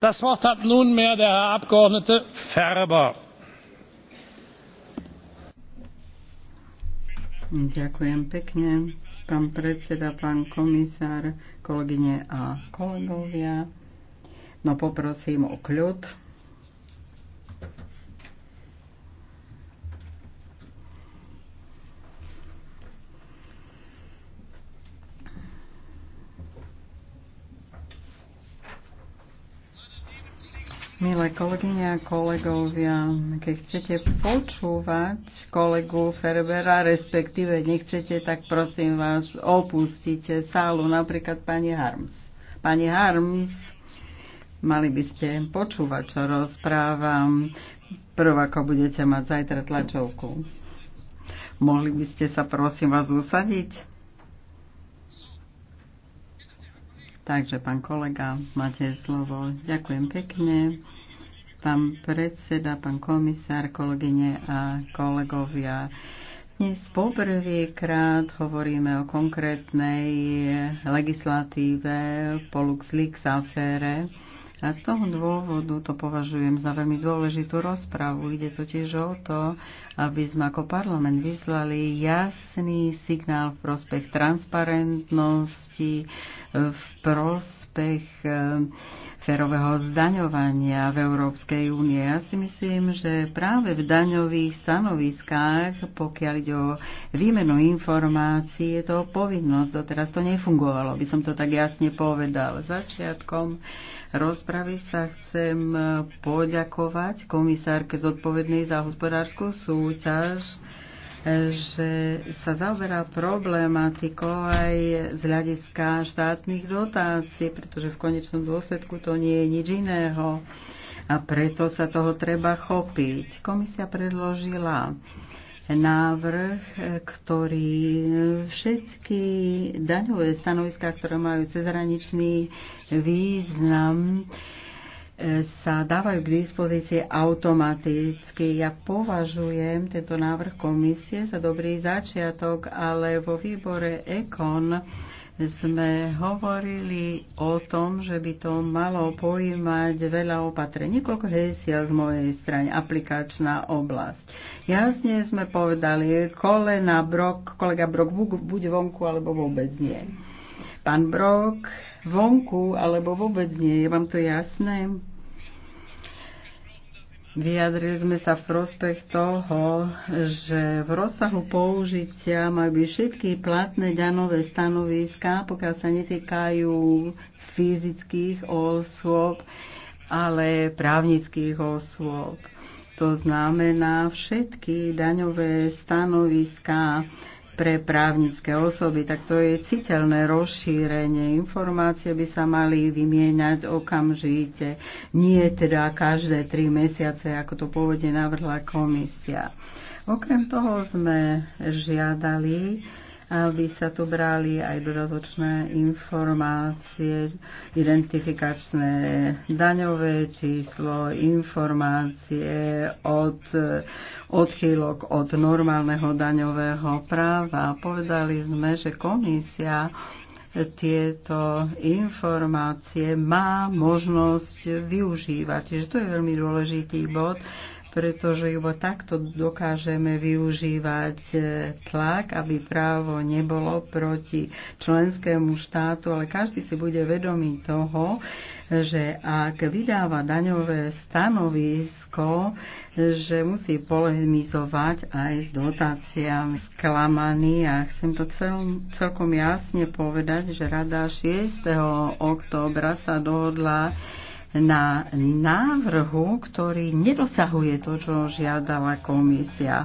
das wort hat nunmehr der herr abgeordnete ferber. Ďakujem pekne, pán predseda, pán komisár, kolegyne a kolegovia. No poprosím o kľud. Milé kolegyne a kolegovia, keď chcete počúvať kolegu Ferbera, respektíve nechcete, tak prosím vás, opustite sálu, napríklad pani Harms. Pani Harms, mali by ste počúvať, čo rozprávam, prv ako budete mať zajtra tlačovku. Mohli by ste sa prosím vás usadiť? Takže, pán kolega, máte slovo. Ďakujem pekne. Pán predseda, pán komisár, kolegyne a kolegovia. Dnes poprvýkrát hovoríme o konkrétnej legislatíve Polux Leaks afére a z toho dôvodu to považujem za veľmi dôležitú rozpravu. Ide totiž o to, aby sme ako parlament vyslali jasný signál v prospech transparentnosti, v prospech e, férového zdaňovania v Európskej únie. Ja si myslím, že práve v daňových stanoviskách, pokiaľ ide o výmenu informácií, je to povinnosť. Doteraz to nefungovalo, by som to tak jasne povedal. Začiatkom rozpravy sa chcem poďakovať komisárke zodpovednej za hospodárskú súťaž, že sa zaoberá problematikou aj z hľadiska štátnych dotácií, pretože v konečnom dôsledku to nie je nič iného a preto sa toho treba chopiť. Komisia predložila návrh, ktorý všetky daňové stanoviská, ktoré majú cezhraničný význam, sa dávajú k dispozícii automaticky. Ja považujem tento návrh komisie za dobrý začiatok, ale vo výbore EKON sme hovorili o tom, že by to malo pojímať veľa opatrení, koľko hesiel z mojej strany, aplikačná oblasť. Jasne sme povedali, kolena Brok, kolega Brok, buď vonku, alebo vôbec nie. Pán Brok, vonku, alebo vôbec nie, je vám to jasné? Vyjadrili sme sa v prospech toho, že v rozsahu použitia majú byť všetky platné ďanové stanoviská, pokiaľ sa netýkajú fyzických osôb, ale právnických osôb. To znamená všetky daňové stanoviská, pre právnické osoby, tak to je citeľné rozšírenie. Informácie by sa mali vymieňať okamžite, nie teda každé tri mesiace, ako to pôvodne navrhla komisia. Okrem toho sme žiadali, aby sa tu brali aj dodatočné informácie, identifikačné daňové číslo, informácie od odchýlok od normálneho daňového práva. Povedali sme, že komisia tieto informácie má možnosť využívať. Čiže to je veľmi dôležitý bod pretože iba takto dokážeme využívať e, tlak, aby právo nebolo proti členskému štátu, ale každý si bude vedomý toho, že ak vydáva daňové stanovisko, že musí polemizovať aj s dotáciami sklamaný a chcem to cel, celkom jasne povedať, že rada 6. októbra sa dohodla na návrhu, ktorý nedosahuje to, čo žiadala komisia.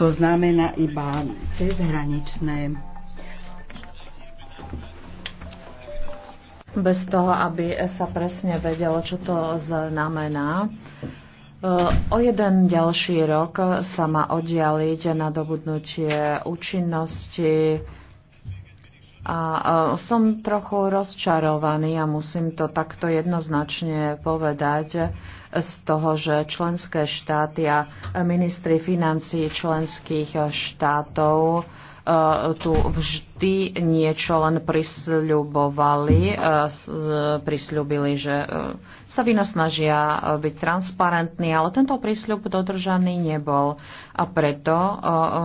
To znamená iba cezhraničné bez toho, aby sa presne vedelo, čo to znamená. O jeden ďalší rok sa má oddialiť na dobudnutie účinnosti a som trochu rozčarovaný a musím to takto jednoznačne povedať z toho, že členské štáty a ministri financií členských štátov e, tu vždy vždy niečo len prisľubovali, e, prisľubili, že e, sa snažia e, byť transparentní, ale tento prísľub dodržaný nebol. A preto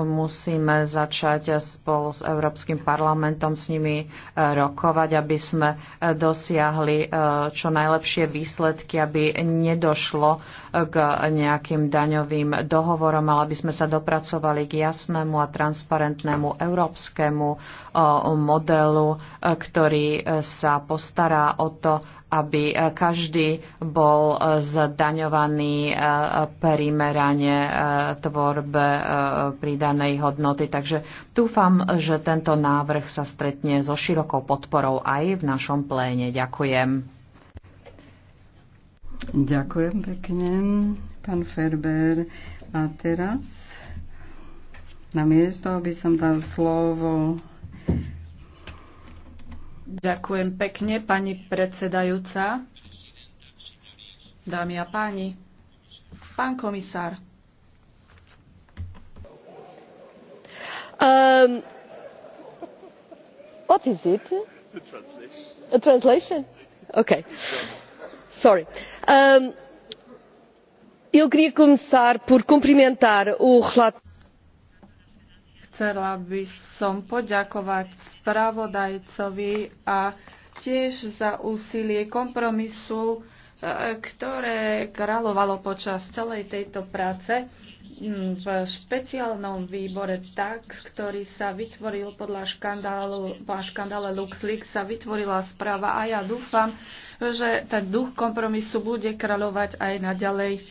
musíme začať spolu s Európskym parlamentom s nimi rokovať, aby sme dosiahli čo najlepšie výsledky, aby nedošlo k nejakým daňovým dohovorom, ale aby sme sa dopracovali k jasnému a transparentnému európskemu modelu, e, ktorý e, sa postará o to, aby e, každý bol zdaňovaný primerane tvorbe pridanej hodnoty. Takže dúfam, že tento návrh sa stretne so širokou podporou aj v našom pléne. Ďakujem. Ďakujem pekne, pán Ferber. A teraz, na miesto aby som dal slovo Ďakujem pekne, pani predsedajúca. Dámy a páni, pán komisár. Um, what is it? A translation. A Okay. Sorry. Um, eu queria começar por cumprimentar o relator. Chcela by som poďakovať spravodajcovi a tiež za úsilie kompromisu, e, ktoré kráľovalo počas celej tejto práce mm, v špeciálnom výbore TAX, ktorý sa vytvoril podľa škandálu, po škandále LuxLeaks, sa vytvorila správa a ja dúfam, že ten duch kompromisu bude kráľovať aj naďalej.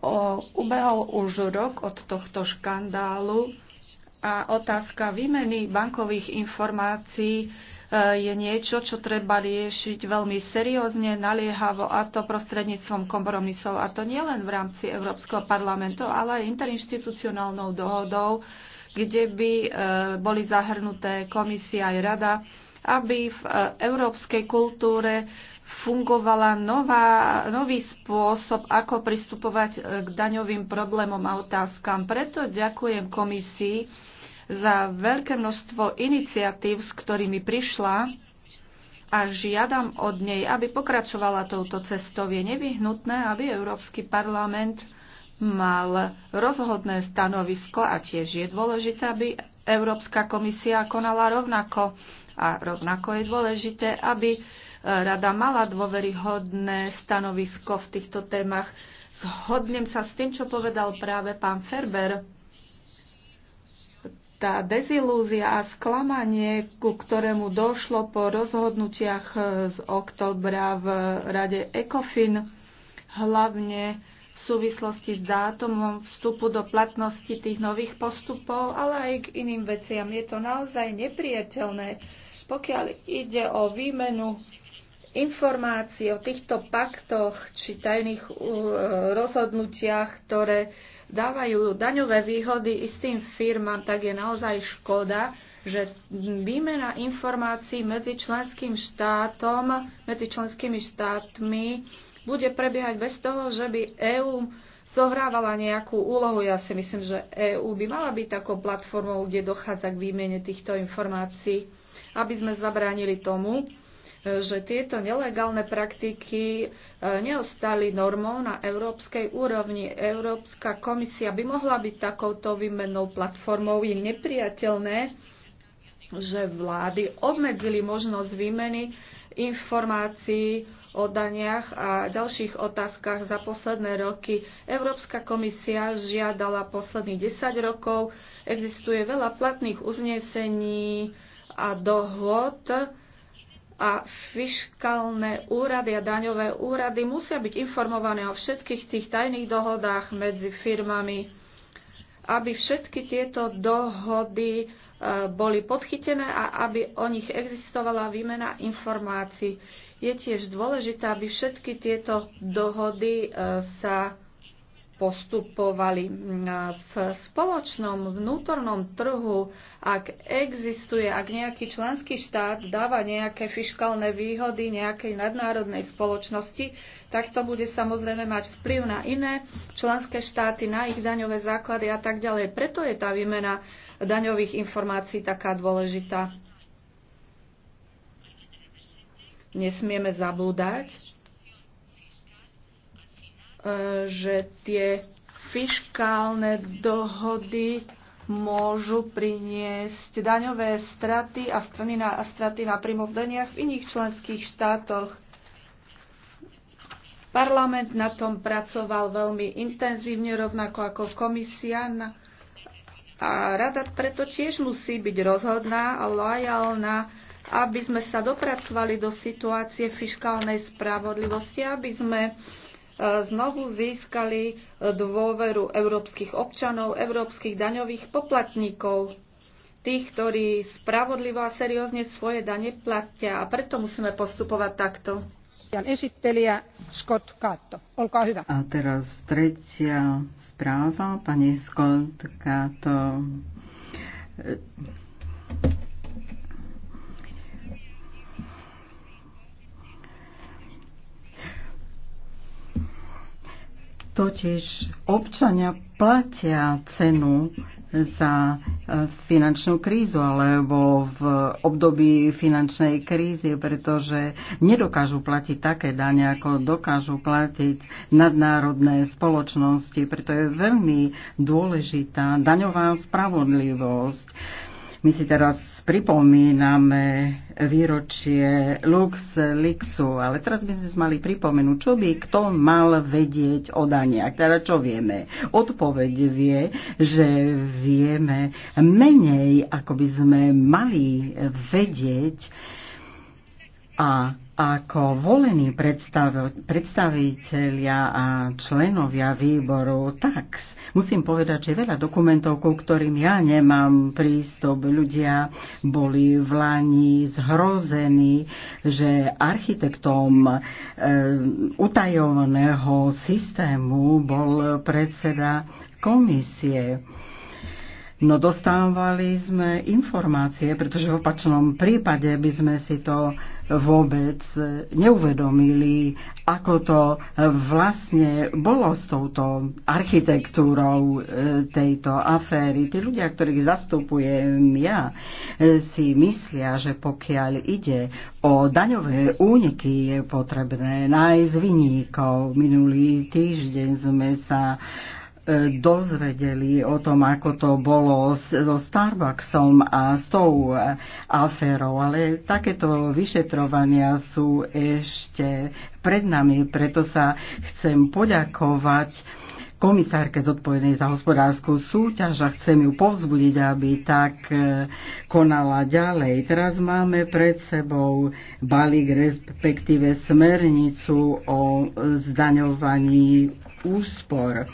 O, ubehol už rok od tohto škandálu a otázka výmeny bankových informácií e, je niečo, čo treba riešiť veľmi seriózne, naliehavo a to prostredníctvom kompromisov. A to nie len v rámci Európskeho parlamentu, ale aj interinstitucionálnou dohodou, kde by e, boli zahrnuté komisia aj rada, aby v e, európskej kultúre fungovala nová, nový spôsob, ako pristupovať e, k daňovým problémom a otázkam. Preto ďakujem komisii za veľké množstvo iniciatív, s ktorými prišla a žiadam od nej, aby pokračovala touto cestou. Je nevyhnutné, aby Európsky parlament mal rozhodné stanovisko a tiež je dôležité, aby Európska komisia konala rovnako. A rovnako je dôležité, aby rada mala dôveryhodné stanovisko v týchto témach. Zhodnem sa s tým, čo povedal práve pán Ferber. Tá dezilúzia a sklamanie, ku ktorému došlo po rozhodnutiach z oktobra v rade ECOFIN, hlavne v súvislosti s dátumom vstupu do platnosti tých nových postupov, ale aj k iným veciam. Je to naozaj nepriateľné. Pokiaľ ide o výmenu informácií o týchto paktoch či tajných uh, rozhodnutiach, ktoré dávajú daňové výhody istým firmám, tak je naozaj škoda, že výmena informácií medzi členským štátom, medzi členskými štátmi bude prebiehať bez toho, že by EÚ zohrávala nejakú úlohu. Ja si myslím, že EÚ by mala byť takou platformou, kde dochádza k výmene týchto informácií, aby sme zabránili tomu, že tieto nelegálne praktiky e, neostali normou na európskej úrovni. Európska komisia by mohla byť takouto výmennou platformou. Je nepriateľné, že vlády obmedzili možnosť výmeny informácií o daniach a ďalších otázkach za posledné roky. Európska komisia žiadala posledných 10 rokov. Existuje veľa platných uznesení a dohod, a fiskálne úrady a daňové úrady musia byť informované o všetkých tých tajných dohodách medzi firmami, aby všetky tieto dohody e, boli podchytené a aby o nich existovala výmena informácií. Je tiež dôležité, aby všetky tieto dohody e, sa postupovali mm, v spoločnom vnútornom trhu, ak existuje, ak nejaký členský štát dáva nejaké fiškálne výhody nejakej nadnárodnej spoločnosti, tak to bude samozrejme mať vplyv na iné členské štáty, na ich daňové základy a tak ďalej. Preto je tá výmena daňových informácií taká dôležitá. Nesmieme zabúdať, že tie fiškálne dohody môžu priniesť daňové straty a straty na, straty na primovdeniach v iných členských štátoch. Parlament na tom pracoval veľmi intenzívne, rovnako ako komisia. A rada preto tiež musí byť rozhodná a lojálna, aby sme sa dopracovali do situácie fiskálnej spravodlivosti, aby sme uh, znovu získali e, dôveru európskych občanov, európskych daňových poplatníkov, tých, ktorí spravodlivo a seriózne svoje dane platia. A preto musíme postupovať takto. A teraz tretia správa, pani Scott Kato. Totiž občania platia cenu za e, finančnú krízu alebo v období finančnej krízy, pretože nedokážu platiť také dane, ako dokážu platiť nadnárodné spoločnosti. Preto je veľmi dôležitá daňová spravodlivosť. My si teraz pripomíname výročie Lux Lixu, ale teraz by sme mali pripomenúť, čo by kto mal vedieť o daniach. Teda čo vieme? Odpoveď vie, že vieme menej, ako by sme mali vedieť a ako volení predstavitelia a členovia výboru tax, musím povedať, že veľa dokumentov, ku ktorým ja nemám prístup, ľudia boli v Lani zhrození, že architektom e, utajovaného systému bol predseda komisie. No dostávali sme informácie, pretože v opačnom prípade by sme si to vôbec neuvedomili, ako to vlastne bolo s touto architektúrou e, tejto aféry. Tí ľudia, ktorých zastupujem ja, e, si myslia, že pokiaľ ide o daňové úniky, je potrebné nájsť vyníkov. Minulý týždeň sme sa dozvedeli o tom, ako to bolo so Starbucksom a s tou e, aférou, ale takéto vyšetrovania sú ešte pred nami, preto sa chcem poďakovať komisárke zodpovednej za hospodárskú súťaž a chcem ju povzbudiť, aby tak e, konala ďalej. Teraz máme pred sebou balík, respektíve smernicu o zdaňovaní úspor.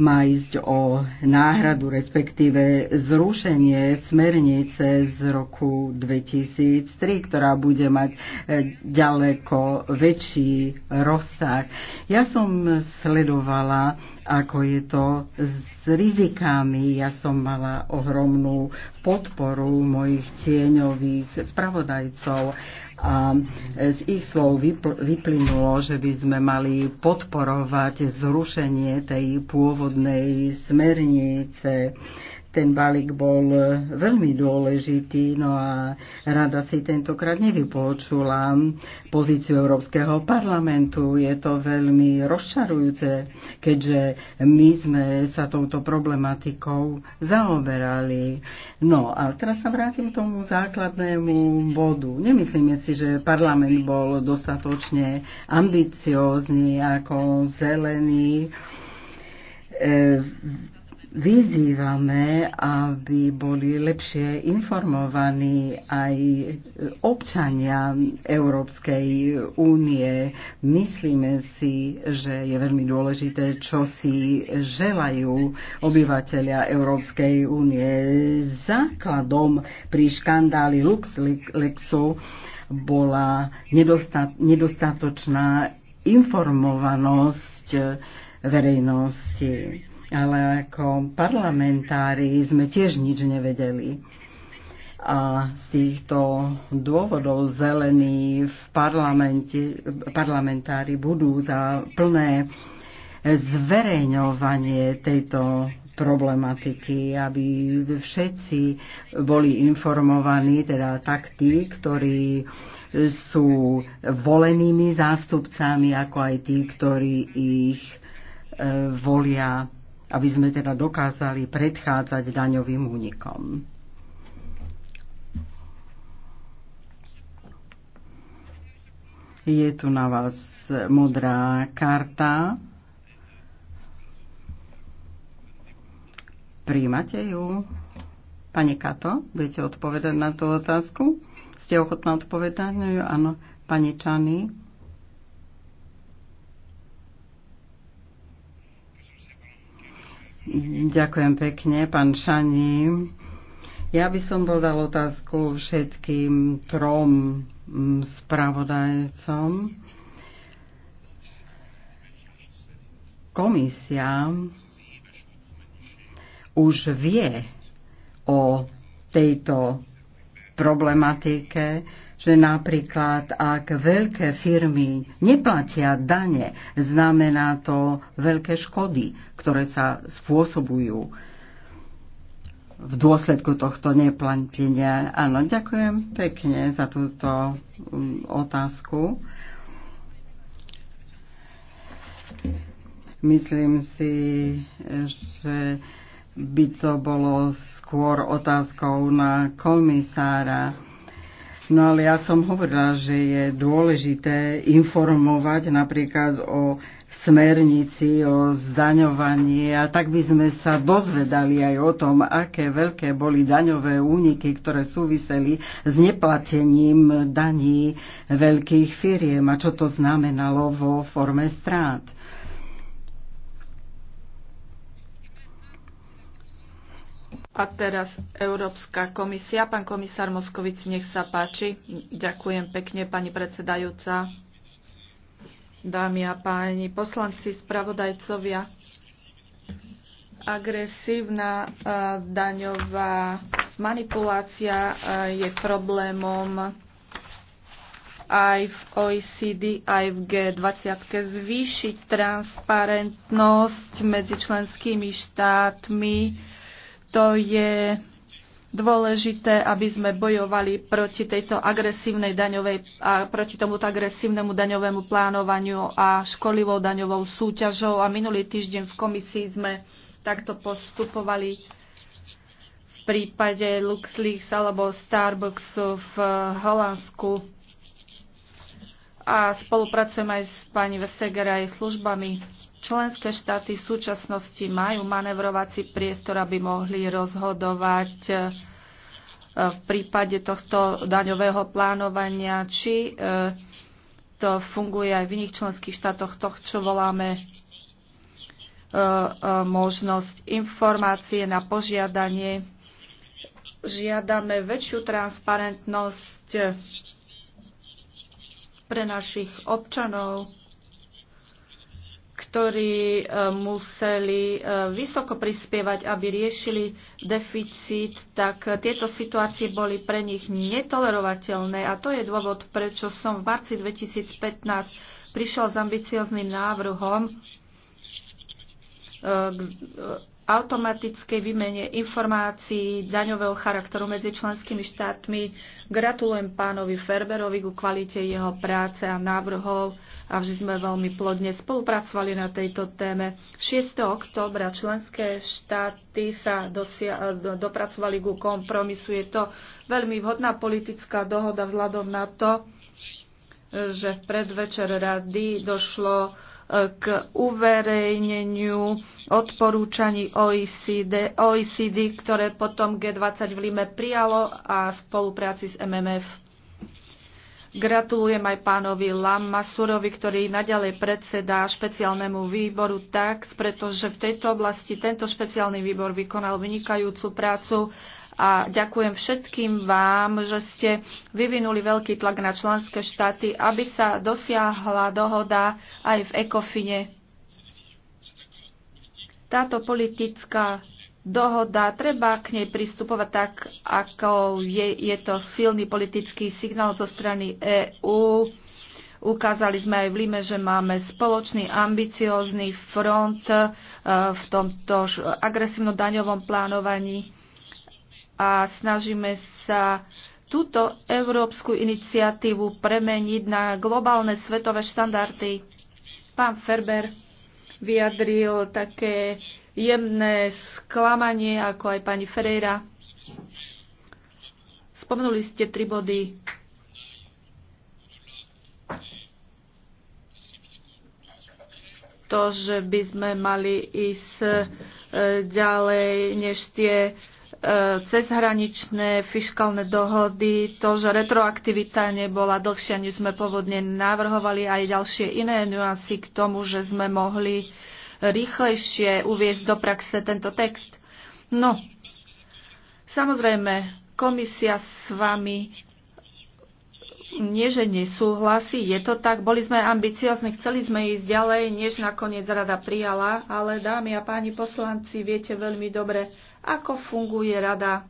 Má ísť o náhradu, respektíve zrušenie smernice z roku 2003, ktorá bude mať e, ďaleko väčší rozsah. Ja som sledovala ako je to s rizikami. Ja som mala ohromnú podporu mojich tieňových spravodajcov a z ich slov vyplynulo, že by sme mali podporovať zrušenie tej pôvodnej smernice ten balík bol e, veľmi dôležitý, no a rada si tentokrát nevypočula pozíciu Európskeho parlamentu. Je to veľmi rozčarujúce, keďže my sme sa touto problematikou zaoberali. No a teraz sa vrátim k tomu základnému bodu. Nemyslíme si, že parlament bol dostatočne ambiciózny ako zelený. E, vyzývame, aby boli lepšie informovaní aj občania Európskej únie. Myslíme si, že je veľmi dôležité, čo si želajú obyvateľia Európskej únie. Základom pri škandáli LuxLeaksu bola nedostatočná informovanosť verejnosti ale ako parlamentári sme tiež nič nevedeli. A z týchto dôvodov zelení v parlamente, parlamentári budú za plné zverejňovanie tejto problematiky, aby všetci boli informovaní, teda tak tí, ktorí sú volenými zástupcami, ako aj tí, ktorí ich e, volia aby sme teda dokázali predchádzať daňovým únikom. Je tu na vás modrá karta. Príjmate ju? Pane Kato, budete odpovedať na tú otázku? Ste ochotná odpovedať? áno. Pane Čany, Ďakujem pekne, pán Šani. Ja by som bol dal otázku všetkým trom mm, spravodajcom. Komisia už vie o tejto problematike, že napríklad ak veľké firmy neplatia dane, znamená to veľké škody, ktoré sa spôsobujú v dôsledku tohto neplatenia. Áno, ďakujem pekne za túto mm, otázku. Myslím si, že by to bolo skôr otázkou na komisára No ale ja som hovorila, že je dôležité informovať napríklad o smernici, o zdaňovaní a tak by sme sa dozvedali aj o tom, aké veľké boli daňové úniky, ktoré súviseli s neplatením daní veľkých firiem a čo to znamenalo vo forme strát. A teraz Európska komisia. Pán komisár Moskovic, nech sa páči. Ďakujem pekne, pani predsedajúca. Dámy a páni poslanci, spravodajcovia. Agresívna daňová manipulácia je problémom aj v OECD, aj v G20. Zvýšiť transparentnosť medzi členskými štátmi to je dôležité, aby sme bojovali proti tejto agresívnej daňovej a proti tomuto agresívnemu daňovému plánovaniu a školivou daňovou súťažou. A minulý týždeň v komisii sme takto postupovali v prípade LuxLeaks alebo Starbucksu v Holandsku. A spolupracujem aj s pani Vesegera aj službami Členské štáty v súčasnosti majú manevrovací priestor, aby mohli rozhodovať eh, v prípade tohto daňového plánovania, či eh, to funguje aj v iných členských štátoch, to, čo voláme eh, možnosť informácie na požiadanie. Žiadame väčšiu transparentnosť pre našich občanov ktorí e, museli e, vysoko prispievať, aby riešili deficit, tak tieto situácie boli pre nich netolerovateľné a to je dôvod, prečo som v marci 2015 prišiel s ambiciozným návrhom e, automatickej výmene informácií daňového charakteru medzi členskými štátmi. Gratulujem pánovi Ferberovi ku kvalite jeho práce a návrhov a vždy sme veľmi plodne spolupracovali na tejto téme. 6. oktobra členské štáty sa dosia- dopracovali ku kompromisu. Je to veľmi vhodná politická dohoda vzhľadom na to, že v predvečer rady došlo k uverejneniu odporúčaní OECD, OECD, ktoré potom G20 v Lime prijalo a spolupráci s MMF. Gratulujem aj pánovi Lamasurovi, ktorý naďalej predsedá špeciálnemu výboru TAX, pretože v tejto oblasti tento špeciálny výbor vykonal vynikajúcu prácu a ďakujem všetkým vám, že ste vyvinuli veľký tlak na členské štáty, aby sa dosiahla dohoda aj v ECOFINE. Táto politická dohoda, treba k nej pristupovať tak, ako je, je to silný politický signál zo strany EÚ. Ukázali sme aj v Lime, že máme spoločný ambiciózny front eh, v tomto agresívno daňovom plánovaní a snažíme sa túto európsku iniciatívu premeniť na globálne svetové štandardy. Pán Ferber vyjadril také jemné sklamanie, ako aj pani Ferreira. Spomenuli ste tri body. To, že by sme mali ísť e, ďalej než tie E, cezhraničné fiskálne dohody, to, že retroaktivita nebola dlhšia, než sme pôvodne navrhovali, aj ďalšie iné nuancy k tomu, že sme mohli rýchlejšie uviezť do praxe tento text. No, samozrejme, komisia s vami nie, že nesúhlasí, je to tak. Boli sme ambiciozni, chceli sme ísť ďalej, než nakoniec rada prijala, ale dámy a páni poslanci, viete veľmi dobre, ako funguje rada.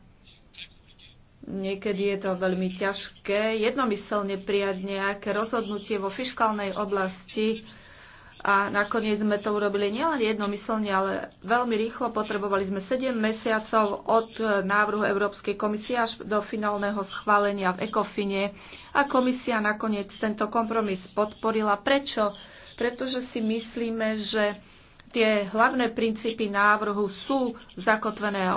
Niekedy je to veľmi ťažké jednomyselne prijať nejaké rozhodnutie vo fiskálnej oblasti a nakoniec sme to urobili nielen jednomyselne, ale veľmi rýchlo. Potrebovali sme 7 mesiacov od návrhu Európskej komisie až do finálneho schválenia v ECOFINE a komisia nakoniec tento kompromis podporila. Prečo? Pretože si myslíme, že Tie hlavné princípy návrhu sú zakotvené a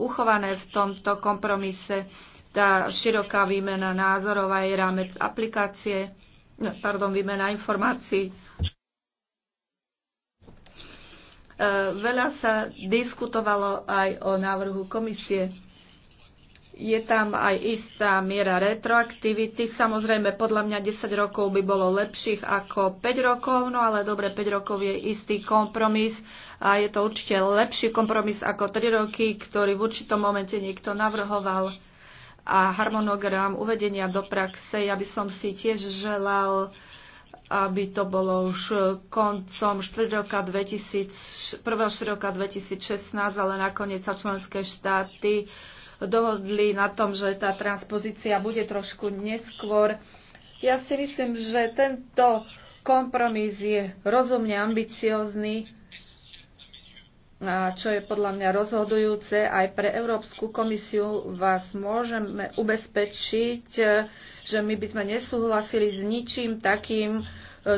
uchované v tomto kompromise. Tá široká výmena názorov aj rámec aplikácie, no, pardon, výmena informácií. E, veľa sa diskutovalo aj o návrhu komisie je tam aj istá miera retroaktivity. Samozrejme, podľa mňa 10 rokov by bolo lepších ako 5 rokov, no ale dobre, 5 rokov je istý kompromis a je to určite lepší kompromis ako 3 roky, ktorý v určitom momente niekto navrhoval a harmonogram uvedenia do praxe. Ja by som si tiež želal aby to bolo už koncom 4 roka 2000, 1. roka 2016, ale nakoniec sa členské štáty dohodli na tom, že tá transpozícia bude trošku neskôr. Ja si myslím, že tento kompromis je rozumne ambiciózny, a čo je podľa mňa rozhodujúce aj pre Európsku komisiu, vás môžeme ubezpečiť, že my by sme nesúhlasili s ničím takým,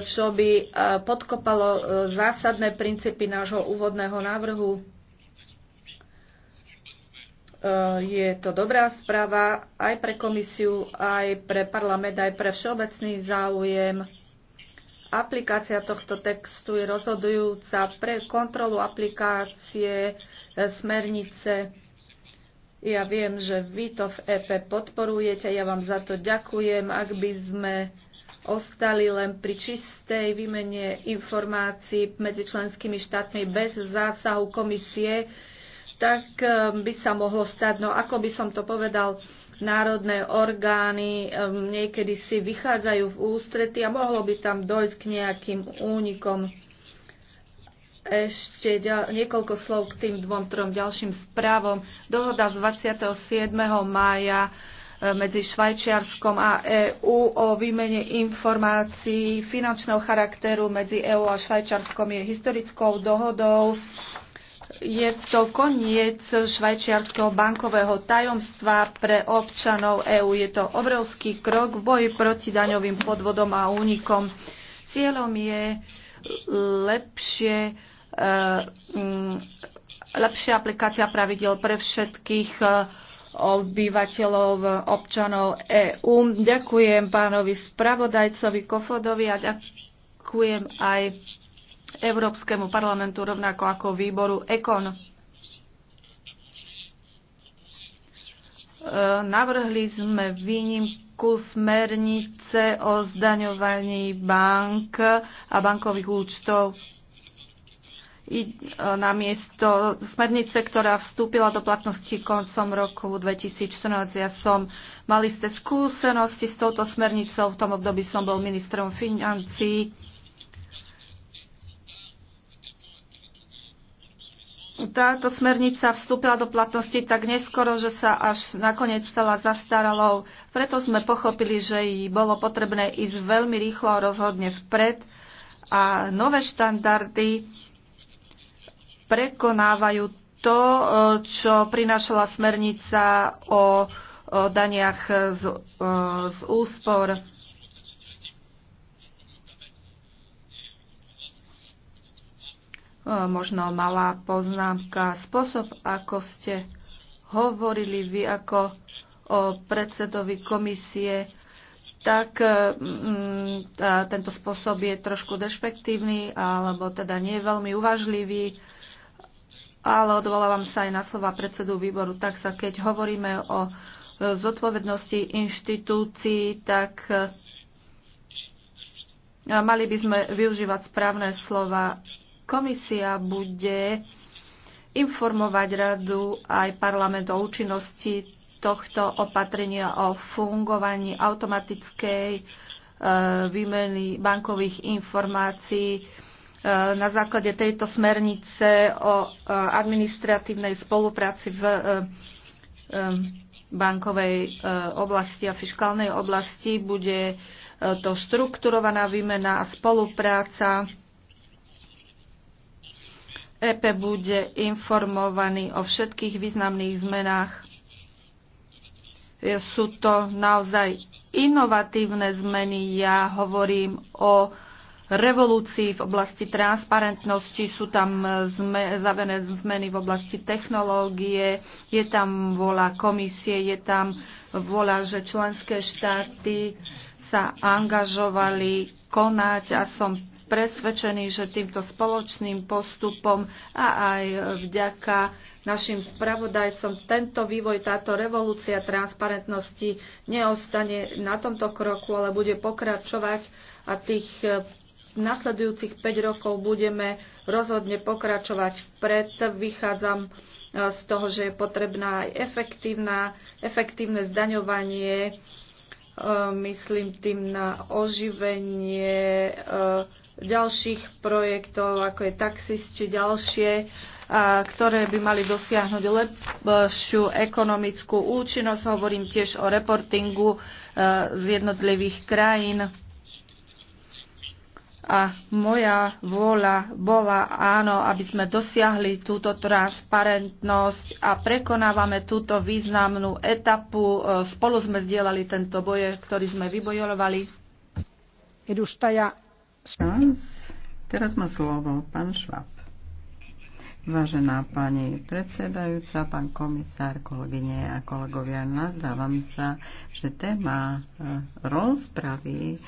čo by podkopalo zásadné princípy nášho úvodného návrhu. Eh, je to dobrá správa aj pre komisiu, aj pre parlament, aj pre všeobecný záujem. Aplikácia tohto textu je rozhodujúca pre kontrolu aplikácie eh, smernice. Ja viem, že vy to v EP podporujete, ja vám za to ďakujem. Ak by sme ostali len pri čistej výmene informácií medzi členskými štátmi bez zásahu komisie, tak eh, by sa mohlo stať, no ako by som to povedal, národné orgány eh, niekedy si vychádzajú v ústrety a mohlo by tam dojsť k nejakým únikom. Ešte niekoľko slov k tým dvom, trom ďalším správom. Dohoda z 27. mája eh, medzi Švajčiarskom a EÚ o výmene informácií finančného charakteru medzi EÚ a Švajčiarskom je historickou dohodou je to koniec švajčiarského bankového tajomstva pre občanov EÚ. Je to obrovský krok v boji proti daňovým podvodom a únikom. Cieľom je lepšie, eh, mm, lepšia aplikácia pravidel pre všetkých eh, obyvateľov, občanov EÚ. Ďakujem pánovi spravodajcovi Kofodovi a ďakujem aj Európskemu parlamentu rovnako ako výboru EKON. E, navrhli sme výnimku smernice o zdaňovaní bank a bankových účtov e, na miesto smernice, ktorá vstúpila do platnosti koncom roku 2014. Ja som mali ste skúsenosti s touto smernicou, v tom období som bol ministrom financí táto smernica vstúpila do platnosti tak neskoro, že sa až nakoniec stala zastaralou. Preto sme pochopili, že jej bolo potrebné ísť veľmi rýchlo rozhodne vpred a nové štandardy prekonávajú to, čo prinášala smernica o daniach z, z úspor. E, možno malá poznámka. Spôsob, ako ste hovorili vy ako o predsedovi komisie, tak e, mm, tento spôsob je trošku dešpektívny alebo teda nie je veľmi uvažlivý ale odvolávam sa aj na slova predsedu výboru tak sa keď hovoríme o e, zodpovednosti inštitúcií, tak mali by sme využívať správne slova. Komisia bude informovať radu aj parlament o účinnosti tohto opatrenia o fungovaní automatickej e, výmeny bankových informácií e, na základe tejto smernice o e, administratívnej spolupráci v bankovej oblasti a fiškálnej oblasti. Bude to štrukturovaná výmena a spolupráca EP bude informovaný o všetkých významných zmenách. Sú to naozaj inovatívne zmeny. Ja hovorím o revolúcii v oblasti transparentnosti, sú tam zme, zavené zmeny v oblasti technológie, je tam vola komisie, je tam vola, že členské štáty sa angažovali konať a som presvedčení, že týmto spoločným postupom a aj vďaka našim spravodajcom tento vývoj, táto revolúcia transparentnosti neostane na tomto kroku, ale bude pokračovať a tých eh, nasledujúcich 5 rokov budeme rozhodne pokračovať vpred. Vychádzam eh, z toho, že je potrebná aj efektívne zdaňovanie E, myslím tým na oživenie e, ďalších projektov, ako je taxis či ďalšie, e, ktoré by mali dosiahnuť lepšiu ekonomickú účinnosť. Hovorím tiež o reportingu z jednotlivých krajín. A moja vôľa bola áno, aby sme dosiahli túto transparentnosť a prekonávame túto významnú etapu. E, spolu sme zdieľali tento boje, ktorý sme vybojovali. Edustaja Teraz má slovo pán Švab. Vážená pani predsedajúca, pán komisár, kolegyne a kolegovia, nazdávam sa, že téma e, rozpravy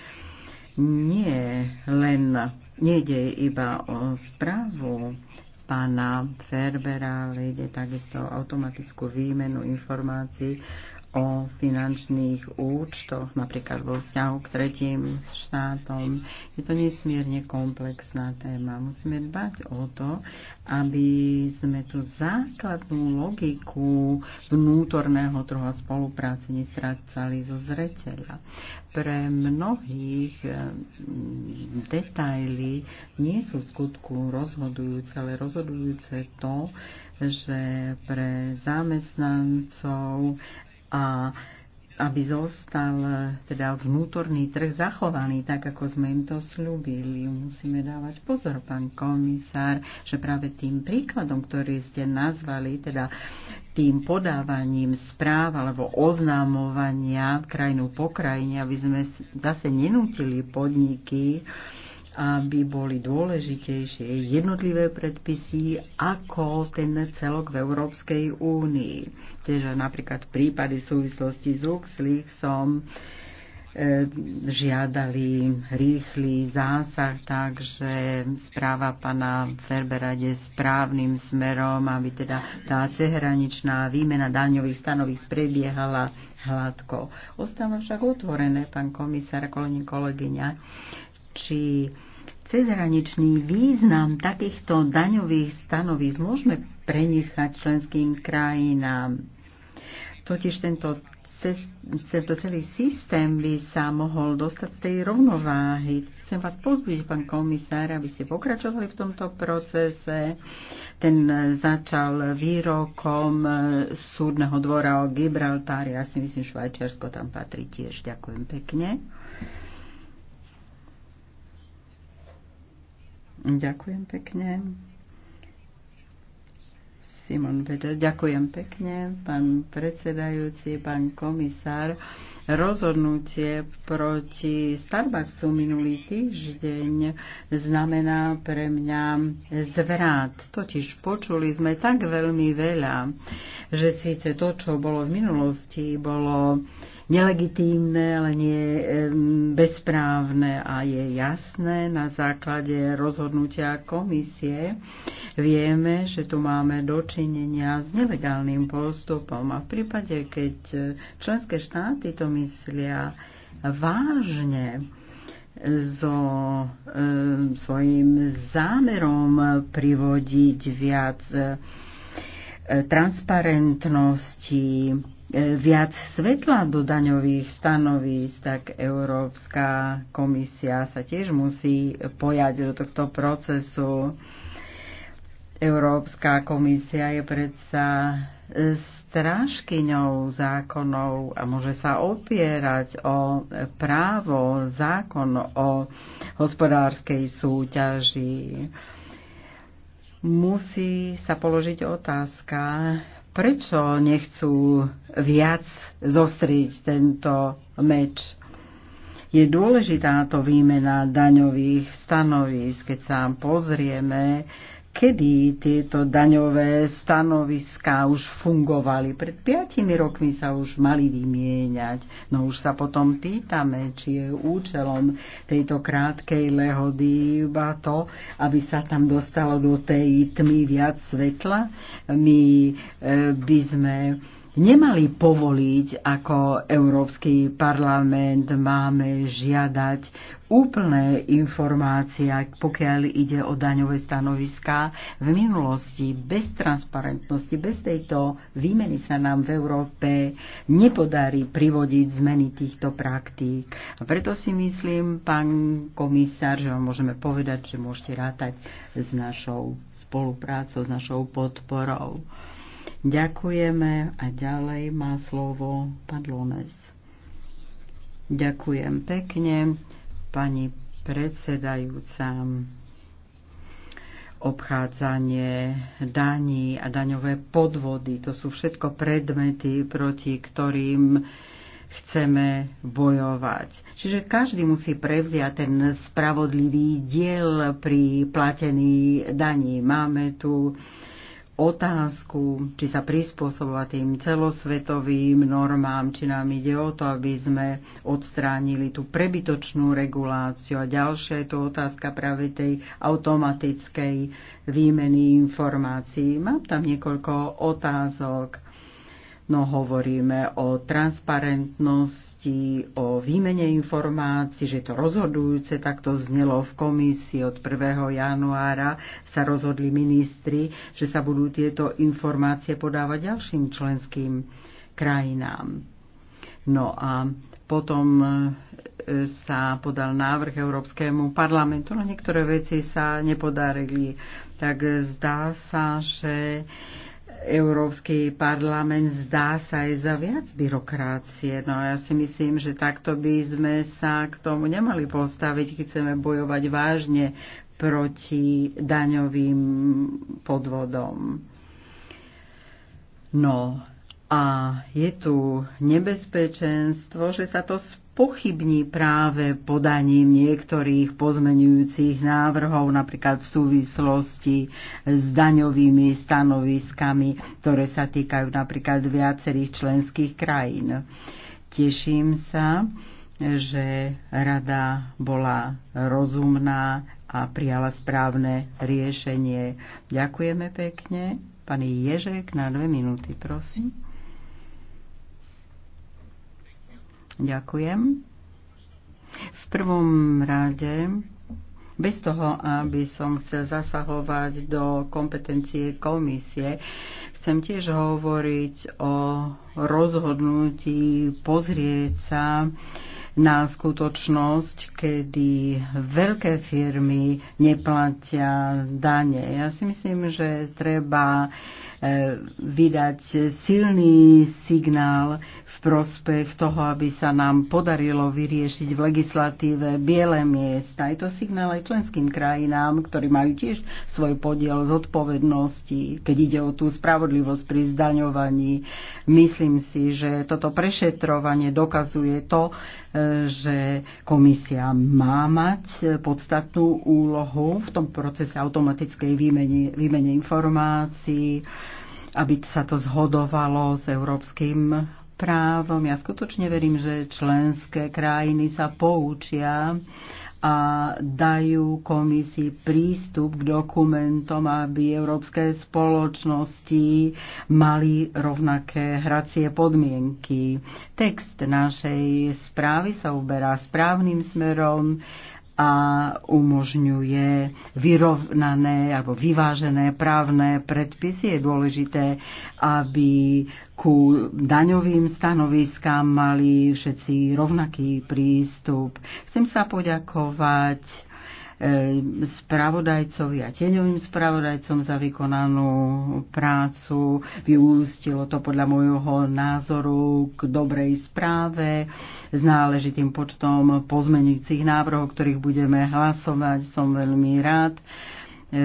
nie len, nejde iba o správu pána Ferbera, ale ide takisto o automatickú výmenu informácií o finančných účtoch, napríklad vo vzťahu k tretím štátom. Je to nesmierne komplexná téma. Musíme dbať o to, aby sme tú základnú logiku vnútorného trhu a spolupráce nestrácali zo zreteľa. Pre mnohých eh, detaily nie sú v skutku rozhodujúce, ale rozhodujúce to, že pre zamestnancov a aby zostal teda vnútorný trh zachovaný, tak ako sme im to slúbili. Musíme dávať pozor, pán komisár, že práve tým príkladom, ktorý ste nazvali, teda tým podávaním správ alebo oznámovania krajinu po krajine, aby sme zase nenútili podniky, aby boli dôležitejšie jednotlivé predpisy ako ten celok v Európskej únii. Tiež napríklad prípady v súvislosti s LuxLeaksom e, žiadali rýchly zásah, takže správa pana Ferbera je správnym smerom, aby teda tá cehraničná výmena daňových stanovisk prebiehala hladko. Ostáva však otvorené, pán komisár, kolegyňa, kolegyňa, či cezhraničný význam takýchto daňových stanovísk môžeme prenechať členským krajinám. Totiž tento, tento celý systém by sa mohol dostať z tej rovnováhy. Chcem vás pozbudiť, pán komisár, aby ste pokračovali v tomto procese. Ten začal výrokom súdneho dvora o Gibraltári. Ja si myslím, Švajčiarsko tam patrí tiež. Ďakujem pekne. Ďakujem pekne. Simon Vedel, ďakujem pekne, pán predsedajúci, pán komisár. Rozhodnutie proti Starbucksu minulý týždeň znamená pre mňa zvrat. Totiž počuli sme tak veľmi veľa, že síce to, čo bolo v minulosti, bolo nelegitímne, ale nie bezprávne a je jasné na základe rozhodnutia komisie. Vieme, že tu máme dočinenia s nelegálnym postupom a v prípade, keď eh, členské štáty to myslia vážne so e, svojím zámerom privodiť viac e, transparentnosti, e, viac svetla do daňových stanovísk, tak Európska komisia sa tiež musí pojať do tohto procesu. Európska komisia je predsa strážkyňou zákonov a môže sa opierať o právo, zákon o hospodárskej súťaži. Musí sa položiť otázka, prečo nechcú viac zostriť tento meč je dôležitá to výmena daňových stanovísk, keď sa pozrieme kedy tieto daňové stanoviská už fungovali. Pred piatimi rokmi sa už mali vymieňať. No už sa potom pýtame, či je účelom tejto krátkej lehody iba to, aby sa tam dostalo do tej tmy viac svetla. My eh, by sme nemali povoliť, ako Európsky parlament máme žiadať úplné informácie, pokiaľ ide o daňové stanoviská v minulosti, bez transparentnosti, bez tejto výmeny sa nám v Európe nepodarí privodiť zmeny týchto praktík. A preto si myslím, pán komisár, že vám môžeme povedať, že môžete rátať s našou spoluprácou, s našou podporou. Ďakujeme a ďalej má slovo pán Lunes. Ďakujem pekne, pani predsedajúca. Obchádzanie daní a daňové podvody, to sú všetko predmety, proti ktorým chceme bojovať. Čiže každý musí prevziať ten spravodlivý diel pri platení daní. Máme tu otázku, či sa prispôsobovať tým celosvetovým normám, či nám ide o to, aby sme odstránili tú prebytočnú reguláciu. A ďalšia je tu otázka práve tej automatickej výmeny informácií. Mám tam niekoľko otázok. No hovoríme o transparentnosti, o výmene informácií, že je to rozhodujúce, tak to znelo v komisii od 1. januára sa rozhodli ministri, že sa budú tieto informácie podávať ďalším členským krajinám. No a potom e, sa podal návrh Európskemu parlamentu, no niektoré veci sa nepodarili. Tak zdá sa, že Európsky parlament zdá sa aj za viac byrokrácie. No ja si myslím, že takto by sme sa k tomu nemali postaviť, keď chceme bojovať vážne proti daňovým podvodom. No a je tu nebezpečenstvo, že sa to sp- pochybní práve podaním niektorých pozmenujúcich návrhov, napríklad v súvislosti s daňovými stanoviskami, ktoré sa týkajú napríklad viacerých členských krajín. Teším sa, že rada bola rozumná a prijala správne riešenie. Ďakujeme pekne. Pani Ježek na dve minúty, prosím. Ďakujem. V prvom rade, bez toho, aby som chcel zasahovať do kompetencie komisie, chcem tiež hovoriť o rozhodnutí pozrieť sa na skutočnosť, kedy veľké firmy neplatia dane. Ja si myslím, že treba eh, vydať silný signál prospech toho, aby sa nám podarilo vyriešiť v legislatíve biele miesta. Je to signál aj členským krajinám, ktorí majú tiež svoj podiel zodpovednosti, keď ide o tú spravodlivosť pri zdaňovaní. Myslím si, že toto prešetrovanie dokazuje to, e, že komisia má mať podstatnú úlohu v tom procese automatickej výmene, výmene informácií, aby sa to zhodovalo s európskym právom. Ja skutočne verím, že členské krajiny sa poučia a dajú komisii prístup k dokumentom, aby európske spoločnosti mali rovnaké hracie podmienky. Text našej správy sa uberá správnym smerom a umožňuje vyrovnané alebo vyvážené právne predpisy. Je dôležité, aby ku daňovým stanoviskám mali všetci rovnaký prístup. Chcem sa poďakovať E, spravodajcovi a tieňovým spravodajcom za vykonanú prácu. Vyústilo to podľa môjho názoru k dobrej správe s náležitým počtom pozmenujúcich návrhov, ktorých budeme hlasovať. Som veľmi rád e,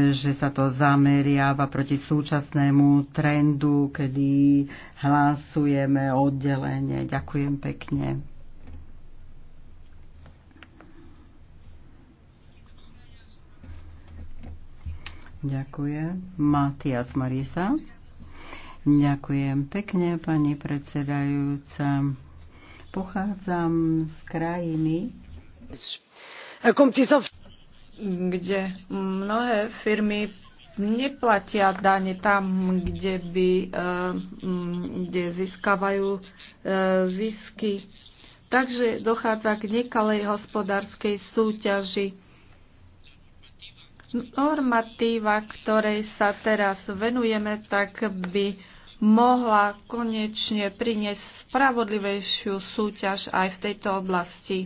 že sa to zameriava proti súčasnému trendu, kedy hlasujeme oddelenie. Ďakujem pekne. Ďakujem. Matias Marisa. Ďakujem pekne, pani predsedajúca. Pochádzam z krajiny, kde mnohé firmy neplatia dane tam, kde, by, eh, kde získavajú eh, zisky. Takže dochádza k nekalej hospodárskej súťaži Normatíva, ktorej sa teraz venujeme, tak by mohla konečne priniesť spravodlivejšiu súťaž aj v tejto oblasti.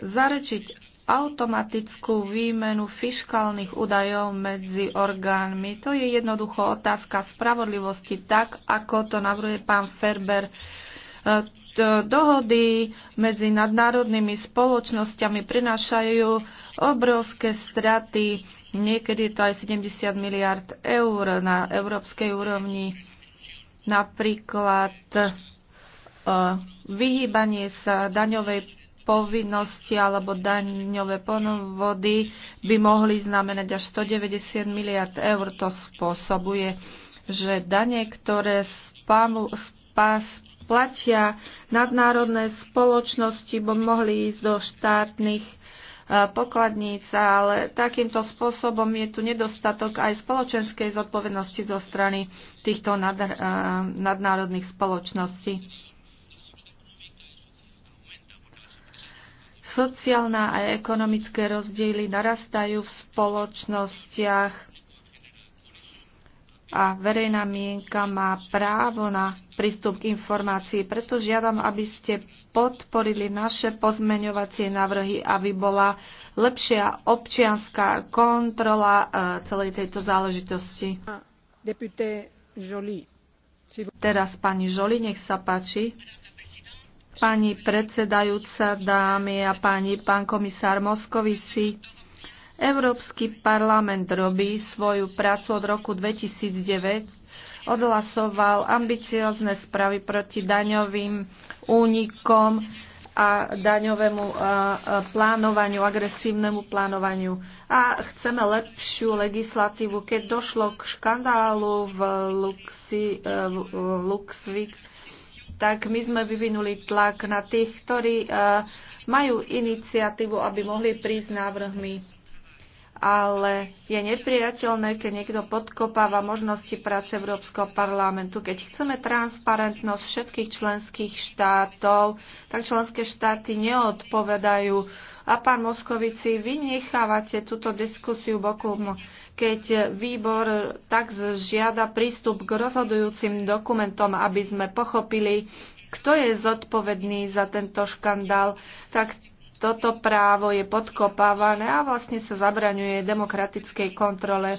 Zarečiť automatickú výmenu fiškálnych údajov medzi orgánmi. To je jednoducho otázka spravodlivosti, tak ako to navrhuje pán Ferber E, dohody medzi nadnárodnými spoločnosťami prinášajú obrovské straty, niekedy je to aj 70 miliard eur na európskej úrovni. Napríklad e, vyhýbanie sa daňovej povinnosti alebo daňové ponovody by mohli znamenať až 190 miliard eur. To spôsobuje, že dane, ktoré spamu, spas, platia nadnárodné spoločnosti, bo mohli ísť do štátnych e, pokladníc, ale takýmto spôsobom je tu nedostatok aj spoločenskej zodpovednosti zo strany týchto e, nadnárodných spoločností. Sociálne a ekonomické rozdiely narastajú v spoločnostiach a verejná mienka má právo na prístup k informácii. Preto žiadam, aby ste podporili naše pozmeňovacie návrhy, aby bola lepšia občianská kontrola e, celej tejto záležitosti. Teraz pani Žoli, nech sa páči. Pani predsedajúca, dámy a páni, pán komisár Moskovici, Európsky parlament robí svoju prácu od roku 2009. Odhlasoval ambiciozne spravy proti daňovým únikom a daňovému plánovaniu, agresívnemu plánovaniu. A chceme lepšiu legislatívu. Keď došlo k škandálu v e, Luxvik, tak my sme vyvinuli tlak na tých, ktorí e, majú iniciatívu, aby mohli prísť návrhmi ale je nepriateľné, keď niekto podkopáva možnosti práce Európskeho parlamentu. Keď chceme transparentnosť všetkých členských štátov, tak členské štáty neodpovedajú. A pán Moskovici, vy nechávate túto diskusiu bokom, keď výbor tak žiada prístup k rozhodujúcim dokumentom, aby sme pochopili, kto je zodpovedný za tento škandál, tak toto právo je podkopávané a vlastne sa zabraňuje demokratickej kontrole.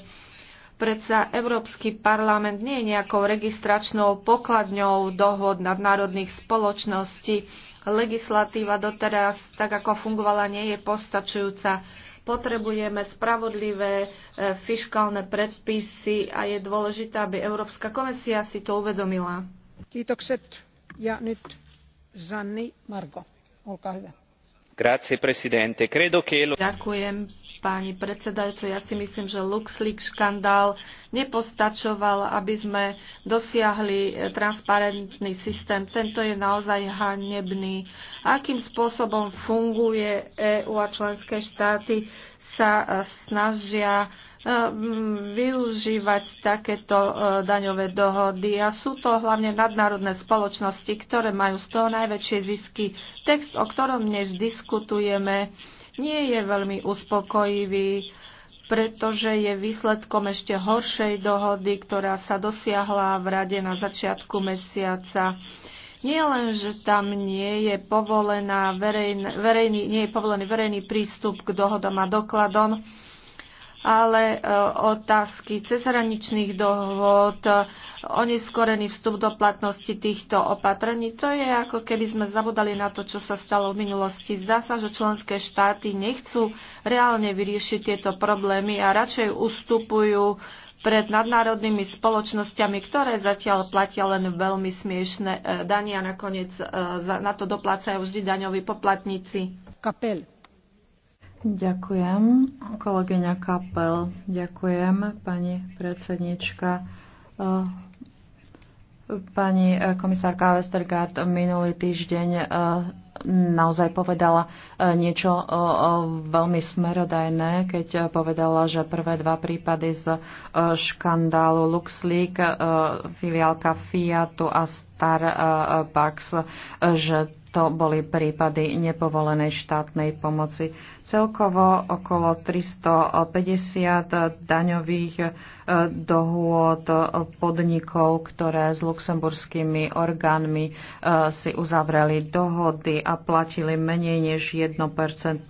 Predsa Európsky parlament nie je nejakou registračnou pokladňou dohod nadnárodných spoločností. Legislatíva doteraz, tak ako fungovala, nie je postačujúca. Potrebujeme spravodlivé e, fiskálne predpisy a je dôležité, aby Európska komisia si to uvedomila. Kýtokset. Ja nyt Zanni Margo. olkaa hyvä Ďakujem, pani predsedajúca. Ja si myslím, že LuxLeaks škandál nepostačoval, aby sme dosiahli e, transparentný systém. Tento je naozaj hanebný. Akým spôsobom funguje EÚ a členské štáty sa e, snažia využívať takéto e, daňové dohody a sú to hlavne nadnárodné spoločnosti, ktoré majú z toho najväčšie zisky. Text, o ktorom dnes diskutujeme, nie je veľmi uspokojivý, pretože je výsledkom ešte horšej dohody, ktorá sa dosiahla v rade na začiatku mesiaca. Nie len, že tam nie je, povolená verejn, verejný, nie je povolený verejný prístup k dohodom a dokladom, ale e, otázky cezhraničných dohôd, e, oneskorený vstup do platnosti týchto opatrení, to je ako keby sme zabudali na to, čo sa stalo v minulosti. Zdá sa, že členské štáty nechcú reálne vyriešiť tieto problémy a radšej ustupujú pred nadnárodnými spoločnosťami, ktoré zatiaľ platia len veľmi smiešne e, dania a nakoniec na to doplácajú vždy daňoví poplatníci. Kapel. Ďakujem, kolegyňa Kapel. Ďakujem, pani predsednička. Eh, pani eh, komisárka Westergaard minulý týždeň eh, naozaj povedala niečo veľmi smerodajné, keď povedala, že prvé dva prípady z škandálu LuxLeak, filiálka Fiatu a Starbucks, že to boli prípady nepovolenej štátnej pomoci. Celkovo okolo 350 daňových e, dohôd podnikov, ktoré s luxemburskými orgánmi e, si uzavreli dohody a platili menej než 1%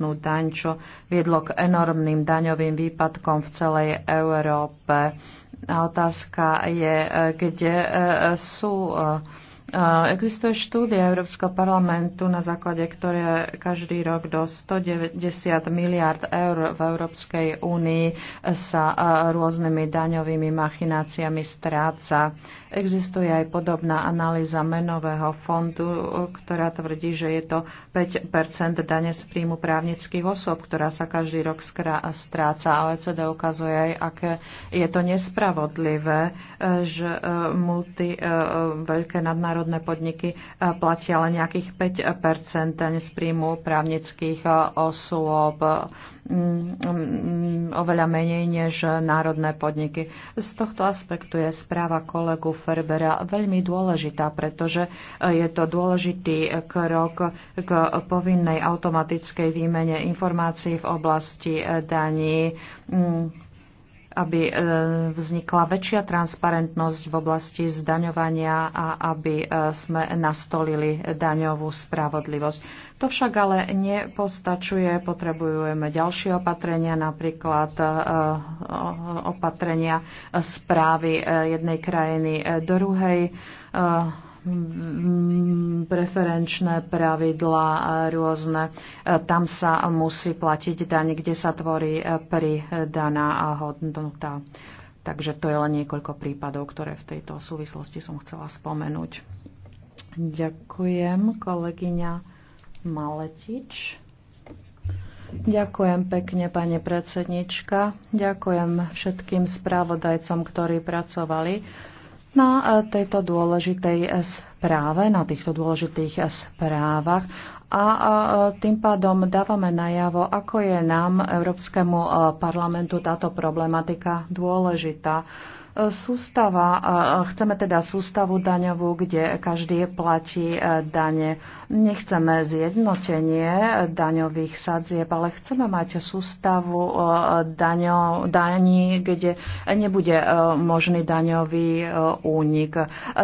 daň, čo viedlo k enormným daňovým výpadkom v celej Európe. A otázka je, e, kde sú Existuje štúdia Európskeho parlamentu, na základe ktoré každý rok do 190 miliard eur v Európskej únii sa rôznymi daňovými machináciami stráca. Existuje aj podobná analýza menového fondu, ktorá tvrdí, že je to 5 dane z príjmu právnických osob, ktorá sa každý rok stráca. OECD ukazuje aj, aké je to nespravodlivé, že e, multi e, veľké nadnárodné podniky e, platia len nejakých 5 dane z príjmu právnických osôb oveľa menej než národné podniky. Z tohto aspektu je správa kolegu Ferbera veľmi dôležitá, pretože eh, je to dôležitý krok k povinnej automatickej výmene informácií v oblasti eh, daní mm aby e, vznikla väčšia transparentnosť v oblasti zdaňovania a aby e, sme nastolili daňovú spravodlivosť. To však ale nepostačuje, potrebujeme ďalšie opatrenia, napríklad e, opatrenia správy jednej krajiny do druhej preferenčné pravidla rôzne. Tam sa musí platiť daň, kde sa tvorí pridaná a hodnota. Takže to je len niekoľko prípadov, ktoré v tejto súvislosti som chcela spomenúť. Ďakujem, kolegyňa Maletič. Ďakujem pekne, pani predsednička. Ďakujem všetkým správodajcom, ktorí pracovali na e, tejto dôležitej e, správe, na týchto dôležitých e, správach a tým pádom dávame najavo, ako je nám, Európskemu parlamentu, táto problematika dôležitá. Sústava, chceme teda sústavu daňovú, kde každý platí e, dane. Nechceme zjednotenie daňových sadzieb, ale chceme mať sústavu e, daňo, daní, kde nebude e, možný daňový únik.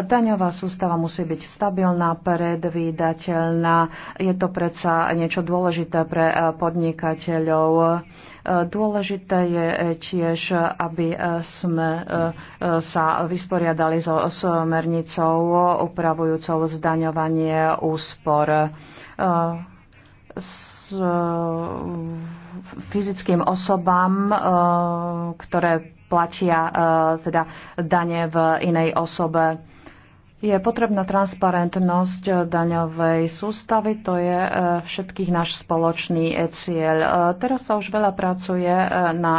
Daňová sústava musí byť stabilná, predvídateľná. Je to predsa niečo dôležité pre podnikateľov. Dôležité je e, tiež, aby e, sme e, sa vysporiadali so smernicou upravujúcou zdaňovanie úspor s fyzickým osobám, ktoré platia teda dane v inej osobe je potrebná transparentnosť eh, daňovej sústavy, to je eh, všetkých náš spoločný eh, cieľ. Teraz sa už veľa pracuje na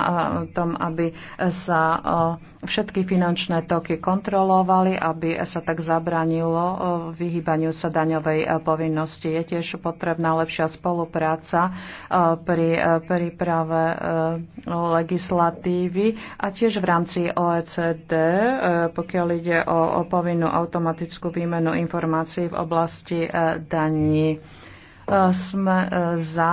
tom, aby sa všetky finančné toky kontrolovali, aby sa tak zabranilo e, vyhýbaniu sa daňovej e, povinnosti. Je tiež potrebná lepšia spolupráca e, pri príprave legislatívy a tiež v rámci OECD, pokiaľ ide o povinnú automatickú výmenu informácií v oblasti daní sme za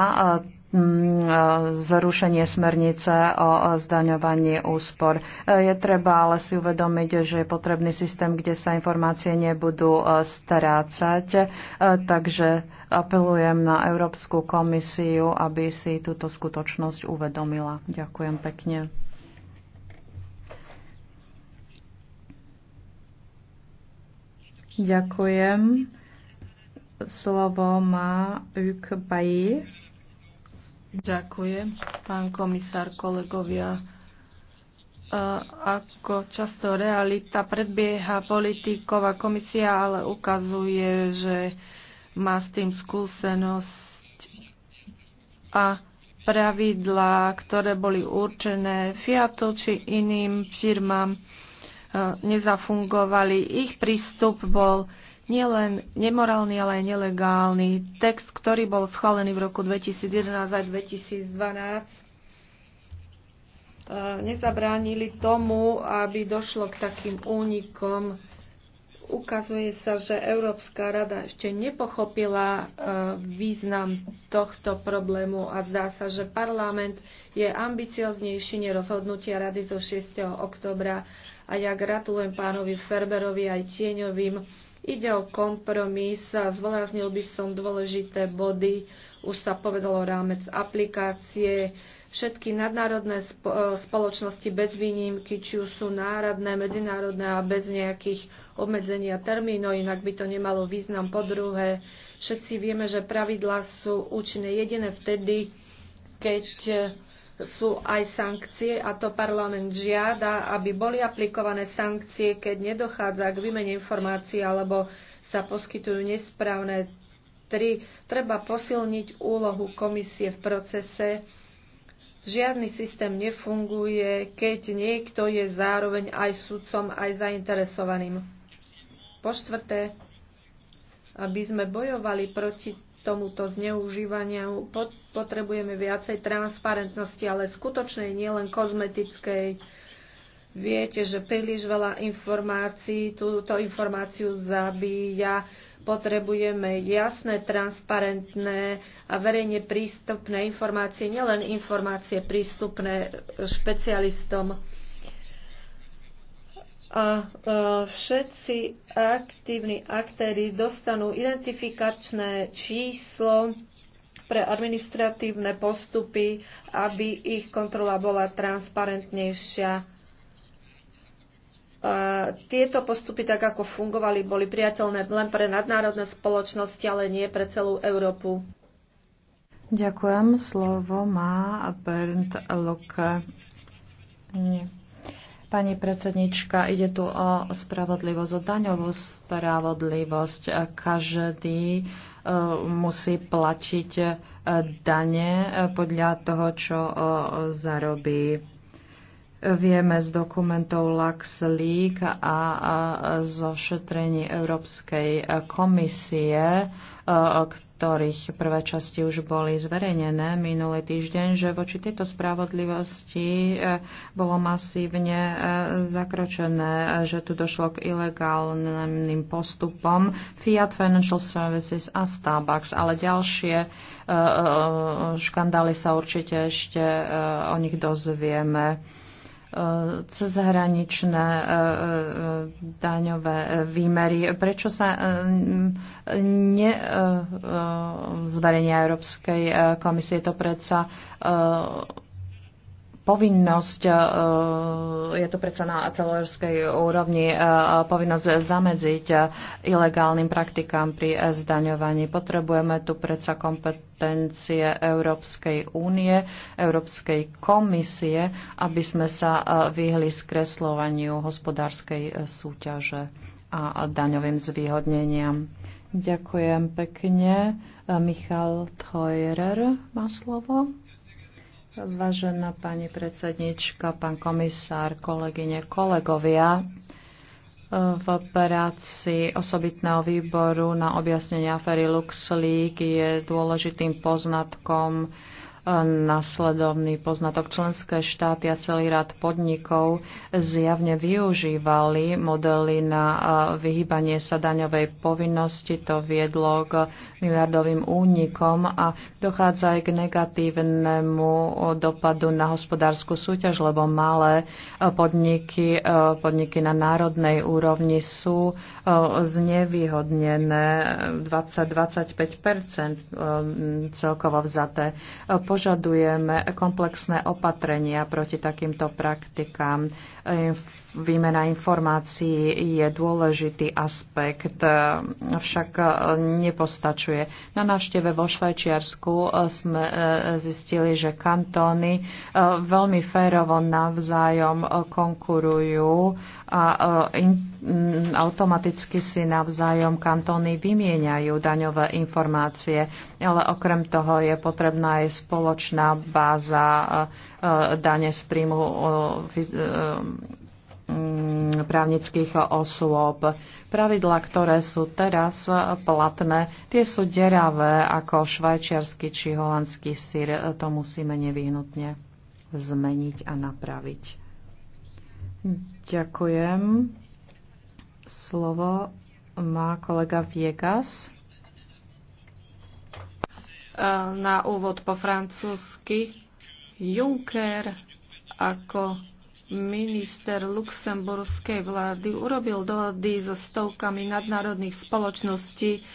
Mm, zrušenie smernice o zdaňovaní úspor. Je treba ale si uvedomiť, že je potrebný systém, kde sa informácie nebudú e, strácať, e, takže apelujem na Európsku komisiu, aby si túto skutočnosť uvedomila. Ďakujem pekne. Ďakujem. Slovo má Uk Bají. Ďakujem, pán komisár, kolegovia. Ako často realita predbieha politikov a komisia, ale ukazuje, že má s tým skúsenosť a pravidlá, ktoré boli určené Fiatu či iným firmám, nezafungovali. Ich prístup bol nielen nemorálny, ale aj nelegálny text, ktorý bol schválený v roku 2011 aj 2012 nezabránili tomu, aby došlo k takým únikom. Ukazuje sa, že Európska rada ešte nepochopila e, význam tohto problému a zdá sa, že parlament je ambicioznejší nerozhodnutia rady zo 6. oktobra. A ja gratulujem pánovi Ferberovi aj tieňovým Ide o kompromis a zvláznil by som dôležité body. Už sa povedalo rámec aplikácie. Všetky nadnárodné e, spoločnosti bez výnimky, či už sú náradné, medzinárodné a bez nejakých obmedzení a termínov, inak by to nemalo význam. Po druhé, všetci vieme, že pravidlá sú účinné jedine vtedy, keď sú aj sankcie a to parlament žiada, aby boli aplikované sankcie, keď nedochádza k výmene informácií alebo sa poskytujú nesprávne. 3. Treba posilniť úlohu komisie v procese. Žiadny systém nefunguje, keď niekto je zároveň aj sudcom, aj zainteresovaným. Po štvrté, aby sme bojovali proti tomuto zneužívaniu. Potrebujeme viacej transparentnosti, ale skutočnej, nielen kozmetickej. Viete, že príliš veľa informácií túto informáciu zabíja. Potrebujeme jasné, transparentné a verejne prístupné informácie, nielen informácie prístupné špecialistom a e, všetci aktívni aktéry dostanú identifikačné číslo pre administratívne postupy, aby ich kontrola bola transparentnejšia. E, tieto postupy, tak ako fungovali, boli priateľné len pre nadnárodné spoločnosti, ale nie pre celú Európu. Ďakujem. Slovo má Bernd Locke. Nie. Pani predsednička, ide tu o spravodlivosť, o daňovú spravodlivosť. Každý e, musí platiť e, dane e, podľa toho, čo zarobí. Vieme z dokumentov LuxLeak a zo šetrení Európskej komisie, ktorých prvé časti už boli zverejnené minulý týždeň, že voči tejto spravodlivosti e, bolo masívne e, zakročené, e, že tu došlo k ilegálnym postupom Fiat Financial Services a Starbucks, ale ďalšie škandály sa určite ešte o nich dozvieme cezhraničné e, e, e, daňové výmery. Prečo sa nezverejnia Európskej komisie? To predsa povinnosť, e, je to predsa na celoeurópskej úrovni, e, povinnosť zamedziť ilegálnym praktikám pri zdaňovaní. Potrebujeme tu predsa kompetencie Európskej únie, Európskej komisie, aby sme sa e, vyhli skreslovaniu hospodárskej súťaže a daňovým zvýhodneniam. Ďakujem pekne. Michal Teurer má slovo. Vážená pani predsednička, pán komisár, kolegyne, kolegovia, v práci osobitného výboru na objasnenie afery LuxLeak je dôležitým poznatkom, nasledovný poznatok. Členské štáty a celý rad podnikov zjavne využívali modely na vyhýbanie sa daňovej povinnosti. To viedlo k miliardovým únikom a dochádza aj k negatívnemu dopadu na hospodárskú súťaž, lebo malé podniky, podniky na národnej úrovni sú znevýhodnené 20-25 celkovo vzaté. Po požadujeme komplexné opatrenia proti takýmto praktikám. Výmena informácií je dôležitý aspekt, e, však e, nepostačuje. Na návšteve vo Švajčiarsku e, sme zistili, že kantóny veľmi férovo navzájom konkurujú a automaticky si navzájom kantóny vymieňajú daňové informácie, ale okrem toho je potrebná aj spoločná báza dane z príjmu Mm, právnických osôb. Pravidla, ktoré sú teraz platné, tie sú deravé ako švajčiarsky či holandský syr. To musíme nevyhnutne zmeniť a napraviť. Ďakujem. Slovo má kolega Viegas. E, na úvod po francúzsky Juncker ako minister luxemburskej vlády urobil dohody so stovkami nadnárodných spoločností,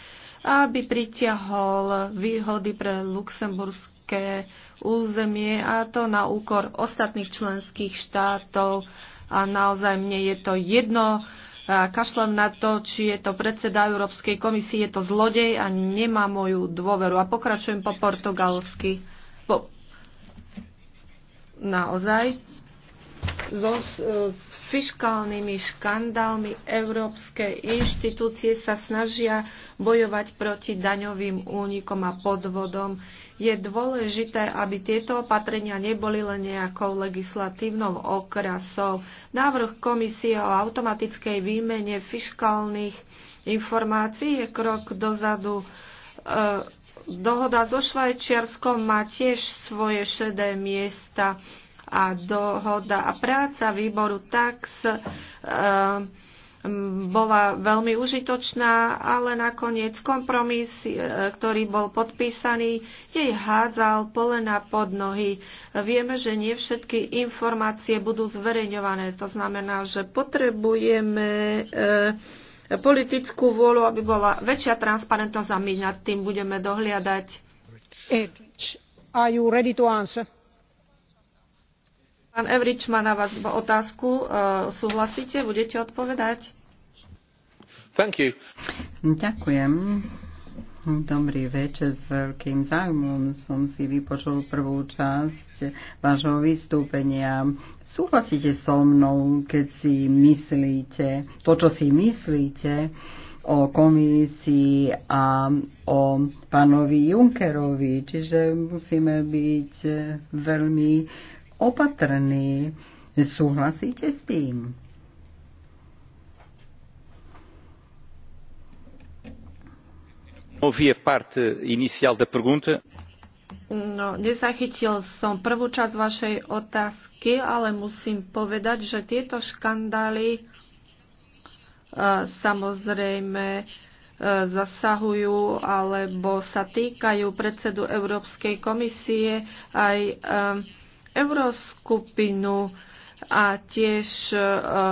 aby pritiahol výhody pre luxemburské územie a to na úkor ostatných členských štátov. A naozaj mne je to jedno, kašlem na to, či je to predseda Európskej komisie, je to zlodej a nemá moju dôveru. A pokračujem po portugalsky. Po... Naozaj so, s fiskálnymi škandálmi európske inštitúcie sa snažia bojovať proti daňovým únikom a podvodom. Je dôležité, aby tieto opatrenia neboli len nejakou legislatívnou okrasou. Návrh komisie o automatickej výmene fiškálnych informácií je krok dozadu. E, dohoda so Švajčiarskom má tiež svoje šedé miesta a dohoda a práca výboru tax e, bola veľmi užitočná, ale nakoniec kompromis, e, ktorý bol podpísaný, jej hádzal polena pod nohy. Vieme, že nie všetky informácie budú zverejňované. To znamená, že potrebujeme e, politickú vôľu, aby bola väčšia transparentnosť a my nad tým budeme dohliadať. Are you ready to answer? Pán Evrič má na vás otázku. E, súhlasíte? Budete odpovedať? Thank you. Ďakujem. Dobrý večer, s veľkým záujmom som si vypočul prvú časť vášho vystúpenia. Súhlasíte so mnou, keď si myslíte, to, čo si myslíte o komisii a o pánovi Junkerovi, čiže musíme byť e, veľmi opatrný Súhlasíte s tým? inicial da pergunta. No, nezachytil som prvú časť vašej otázky, ale musím povedať, že tieto škandály e, samozrejme e, zasahujú alebo sa týkajú predsedu Európskej komisie aj e, euroskupinu a tiež e,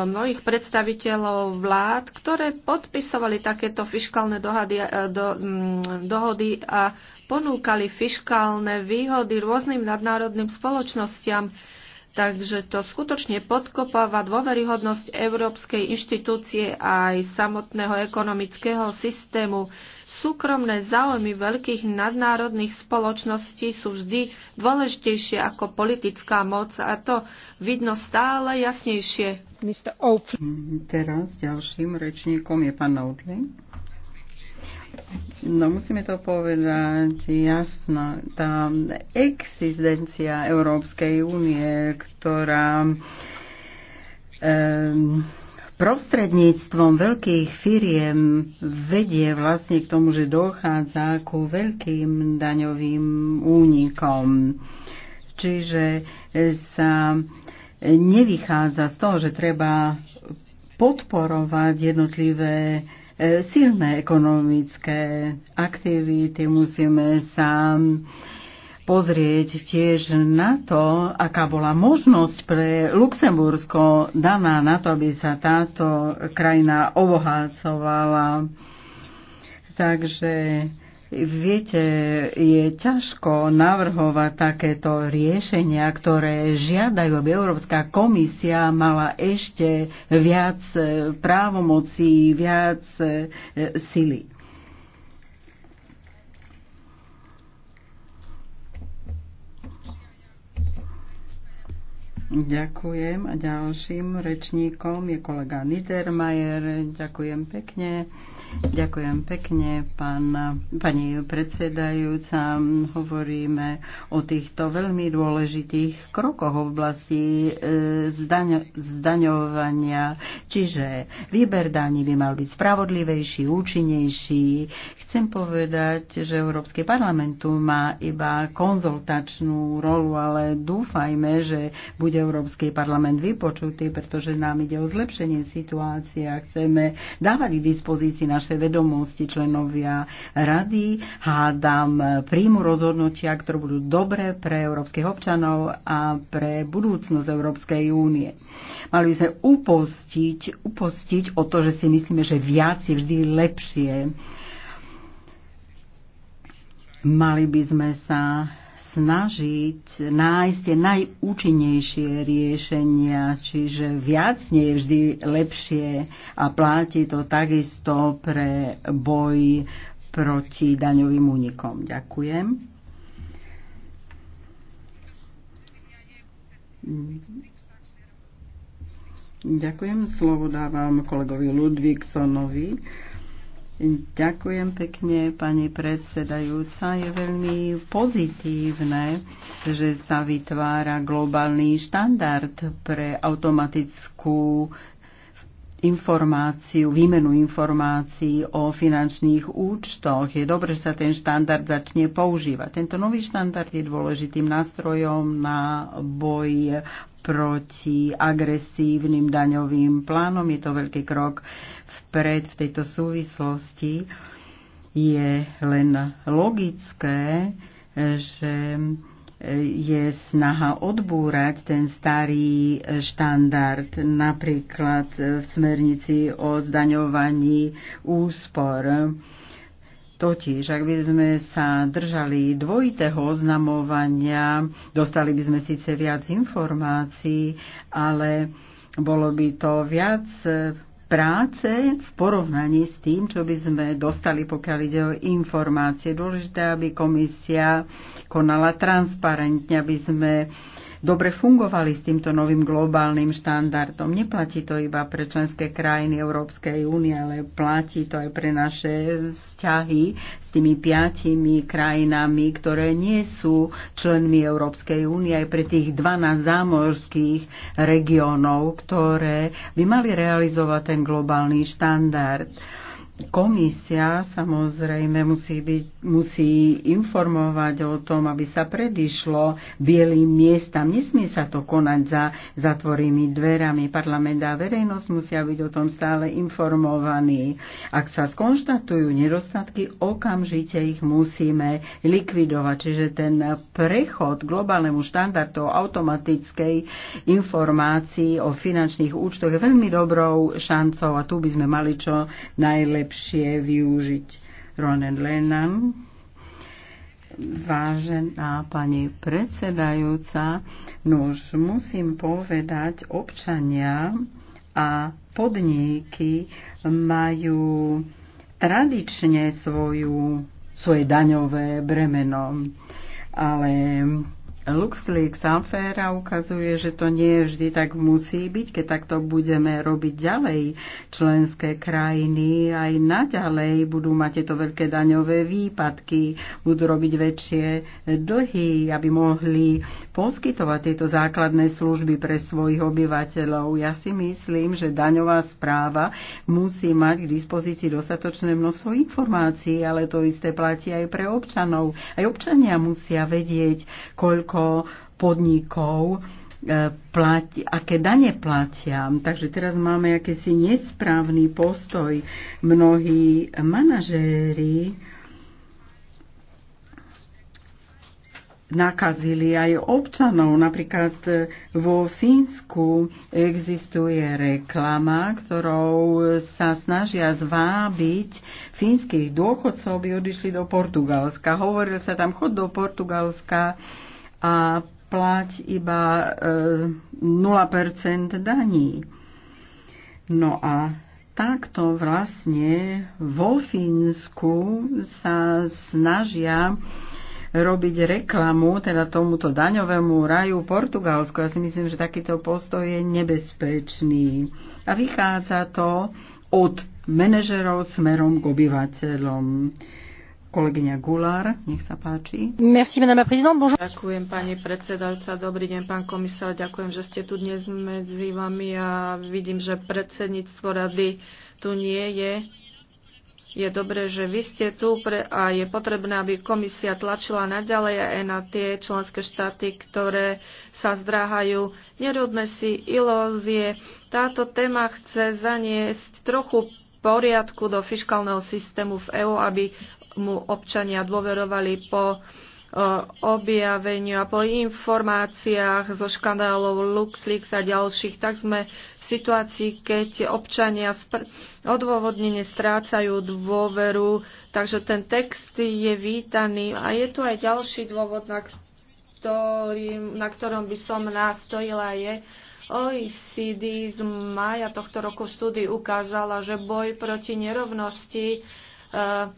mnohých predstaviteľov vlád, ktoré podpisovali takéto fiskálne dohady, e, do, mm, dohody a ponúkali fiskálne výhody rôznym nadnárodným spoločnostiam. Takže to skutočne podkopáva dôveryhodnosť európskej inštitúcie a aj samotného ekonomického systému. Súkromné záujmy veľkých nadnárodných spoločností sú vždy dôležitejšie ako politická moc a to vidno stále jasnejšie. Teraz ďalším rečníkom je pán Oudley. No musíme to povedať jasno. Tá existencia Európskej únie, ktorá um, prostredníctvom veľkých firiem vedie vlastne k tomu, že dochádza ku veľkým daňovým únikom. Čiže sa nevychádza z toho, že treba podporovať jednotlivé E, silné ekonomické aktivity, musíme sa pozrieť tiež na to, aká bola možnosť pre Luxembursko daná na to, aby sa táto krajina obohacovala. Takže Viete, je ťažko navrhovať takéto riešenia, ktoré žiadajú, aby Európska komisia mala ešte viac e, právomocí, viac e, sily. Ďakujem. A ďalším rečníkom je kolega Niedermayer. Ďakujem pekne. Ďakujem pekne, pán, pani predsedajúca. Hovoríme o týchto veľmi dôležitých krokoch v oblasti e, zdaň, zdaňovania, čiže výber daní by mal byť spravodlivejší, účinnejší. Chcem povedať, že Európsky parlament tu má iba konzultačnú rolu, ale dúfajme, že bude Európsky parlament vypočutý, pretože nám ide o zlepšenie situácie a chceme dávať k dispozícii na naše vedomosti členovia rady, hádam príjmu rozhodnutia, ktoré budú dobré pre európskych občanov a pre budúcnosť Európskej únie. Mali by sme upostiť, upostiť o to, že si myslíme, že viac je vždy lepšie. Mali by sme sa snažiť nájsť tie najúčinnejšie riešenia, čiže viac nie je vždy lepšie a platí to takisto pre boj proti daňovým únikom. Ďakujem. Ďakujem. Slovo dávam kolegovi Ludvíksonovi. Ďakujem pekne, pani predsedajúca. Je veľmi pozitívne, že sa vytvára globálny štandard pre automatickú informáciu, výmenu informácií o finančných účtoch. Je dobré, že sa ten štandard začne používať. Tento nový štandard je dôležitým nástrojom na boj proti agresívnym daňovým plánom. Je to veľký krok vpred v tejto súvislosti, je len logické, že e, je snaha odbúrať ten starý štandard, napríklad e, v smernici o zdaňovaní úspor. Totiž, ak by sme sa držali dvojitého oznamovania, dostali by sme síce viac informácií, ale bolo by to viac e, práce v porovnaní s tým, čo by sme dostali, pokiaľ ide o informácie. Dôležité, aby komisia konala transparentne, aby sme dobre fungovali s týmto novým globálnym štandardom. Neplatí to iba pre členské krajiny Európskej únie, ale platí to aj pre naše vzťahy s tými piatimi krajinami, ktoré nie sú členmi Európskej únie, aj pre tých 12 zámorských regiónov, ktoré by mali realizovať ten globálny štandard Komisia samozrejme musí, byť, musí informovať o tom, aby sa predišlo bielým miestam. Nesmie sa to konať za zatvorými dverami. Parlament a verejnosť musia byť o tom stále informovaní. Ak sa skonštatujú nedostatky, okamžite ich musíme likvidovať. Čiže ten prechod globálnemu štandardu automatickej informácií o finančných účtoch je veľmi dobrou šancou a tu by sme mali čo najlepšie lepšie využiť. Ronen Lennon. Vážená pani predsedajúca, nož musím povedať, občania a podniky majú tradične svoju, svoje daňové bremeno. Ale LuxLeaks aféra ukazuje, že to nie vždy tak musí byť, keď takto budeme robiť ďalej. Členské krajiny aj naďalej budú mať tieto veľké daňové výpadky, budú robiť väčšie dlhy, aby mohli poskytovať tieto základné služby pre svojich obyvateľov. Ja si myslím, že daňová správa musí mať k dispozícii dostatočné množstvo informácií, ale to isté platí aj pre občanov. Aj občania musia vedieť, koľko koľko podnikov e, platí, aké dane platia. Takže teraz máme akýsi nesprávny postoj. Mnohí manažéri nakazili aj občanov. Napríklad e, vo Fínsku existuje reklama, ktorou sa snažia zvábiť fínskych dôchodcov, aby odišli do Portugalska. Hovoril sa tam, chod do Portugalska, a plať iba 0% e, daní. No a takto vlastne vo Fínsku sa snažia robiť reklamu, teda tomuto daňovému raju Portugalsko. Ja si myslím, že takýto postoj je nebezpečný. A vychádza to od manažerov smerom k obyvateľom. Kolegyňa Gulár, nech sa páči. Merci, madame présidente. Bonjour. Ďakujem, pani predsedajúca. Dobrý deň, pán komisár. Ďakujem, že ste tu dnes medzi vami a vidím, že predsedníctvo rady tu nie je. Je dobré, že vy ste tu pre, a je potrebné, aby komisia tlačila naďalej aj na tie členské štáty, ktoré sa zdráhajú. Nerobme si ilózie. Táto téma chce zaniesť trochu poriadku do fiskálneho systému v EÚ, aby mu občania dôverovali po e, objaveniu a po informáciách zo škandálov LuxLeaks a ďalších, tak sme v situácii, keď občania odôvodnenie strácajú dôveru, takže ten text je vítaný a je tu aj ďalší dôvod, na, ktorým, na ktorom by som nastojila je, OECD z maja tohto roku štúdy ukázala, že boj proti nerovnosti uh,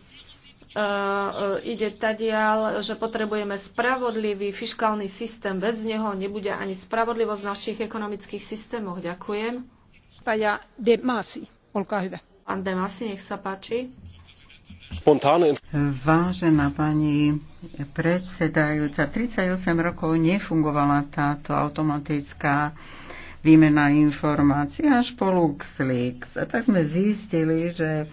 E, e, ide tadial, že potrebujeme spravodlivý fiskálny systém. Bez neho nebude ani spravodlivosť v našich ekonomických systémoch. Ďakujem. Pája de Masi, olkaa hyvä. Pán de Masi, nech sa páči. Spontáne. Vážená pani predsedajúca, 38 rokov nefungovala táto automatická výmena informácií až po LuxLeaks. A tak sme zistili, že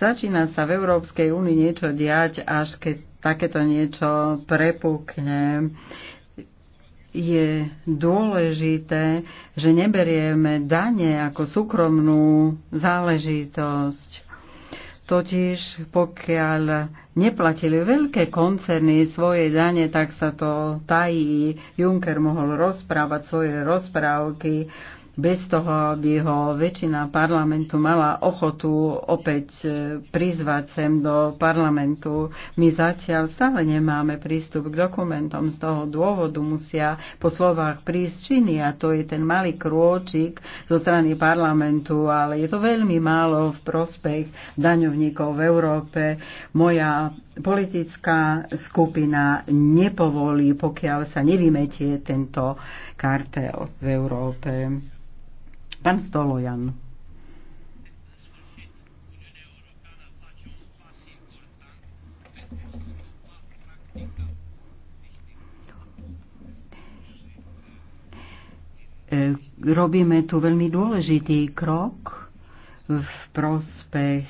Začína sa v Európskej únii niečo diať, až keď takéto niečo prepukne. Je dôležité, že neberieme dane ako súkromnú záležitosť. Totiž pokiaľ neplatili veľké koncerny svoje dane, tak sa to tají. Juncker mohol rozprávať svoje rozprávky bez toho, aby ho väčšina parlamentu mala ochotu opäť e, prizvať sem do parlamentu. My zatiaľ stále nemáme prístup k dokumentom. Z toho dôvodu musia po slovách prísť činy a to je ten malý krôčik zo strany parlamentu, ale je to veľmi málo v prospech daňovníkov v Európe. Moja politická skupina nepovolí, pokiaľ sa nevymetie tento kartel v Európe. Pán Stolojan. E, robíme tu veľmi dôležitý krok v prospech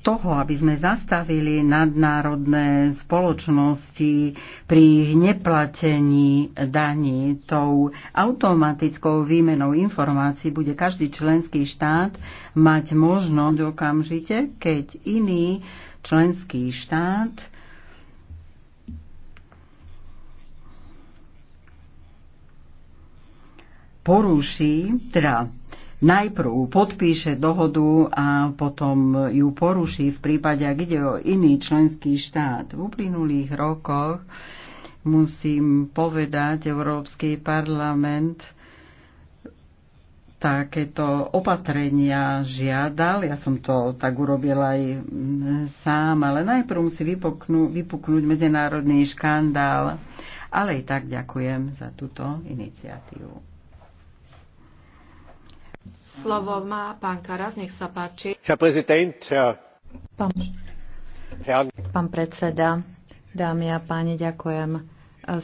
toho, aby sme zastavili nadnárodné spoločnosti pri ich neplatení daní. Tou automatickou výmenou informácií bude každý členský štát mať možnosť okamžite, keď iný členský štát poruší, teda najprv podpíše dohodu a potom ju poruší v prípade, ak ide o iný členský štát. V uplynulých rokoch musím povedať, Európsky parlament takéto opatrenia žiadal. Ja som to tak urobil aj sám, ale najprv musí vypuknú, vypuknúť medzinárodný škandál. Ale i tak ďakujem za túto iniciatívu. Slovo má pán Karas, nech sa páči. Herr herr... Pán, pán predseda, dámy a páni, ďakujem e,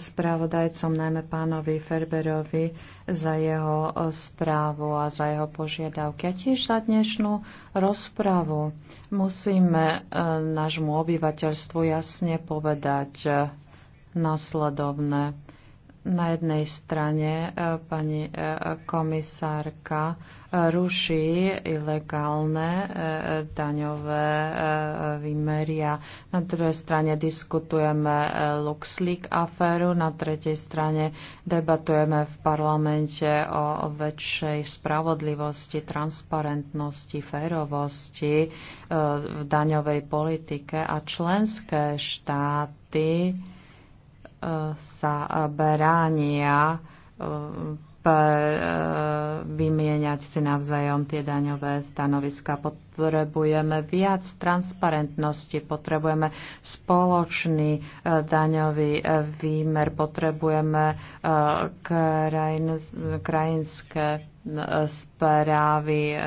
spravodajcom, najmä pánovi Ferberovi, za jeho e, správu a za jeho požiadavky a tiež za dnešnú rozpravu. Musíme e, nášmu obyvateľstvu jasne povedať nasledovné na jednej strane e, pani e, komisárka e, ruší ilegálne daňové výmeria. Na druhej strane diskutujeme LuxLeak aféru, na tretej strane debatujeme v parlamente o väčšej spravodlivosti, transparentnosti, férovosti v daňovej politike a členské štáty sa bránia e, e, vymieňať si navzájom tie daňové stanoviska. Potrebujeme viac transparentnosti, potrebujeme spoločný e, daňový výmer, potrebujeme krajinské správy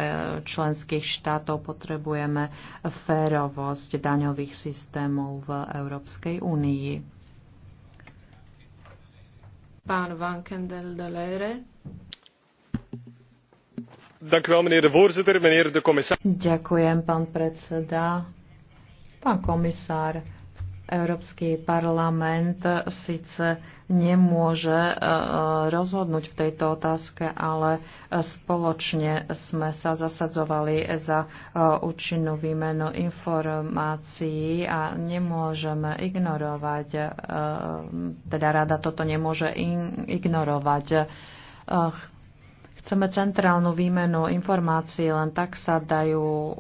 členských štátov, potrebujeme férovosť daňových systémov v Európskej únii. Pán Van Kendel de Leire. Dank u wel, meneer meneer de de voorzitter, commissaris. Ďakujem, pán predseda. Pán komisár, Európsky parlament síce nemôže e, e, rozhodnúť v tejto otázke, ale e, spoločne sme sa zasadzovali za účinnú výmenu informácií a nemôžeme ignorovať, teda rada toto nemôže ignorovať Chceme centrálnu výmenu informácií, len tak sa dajú,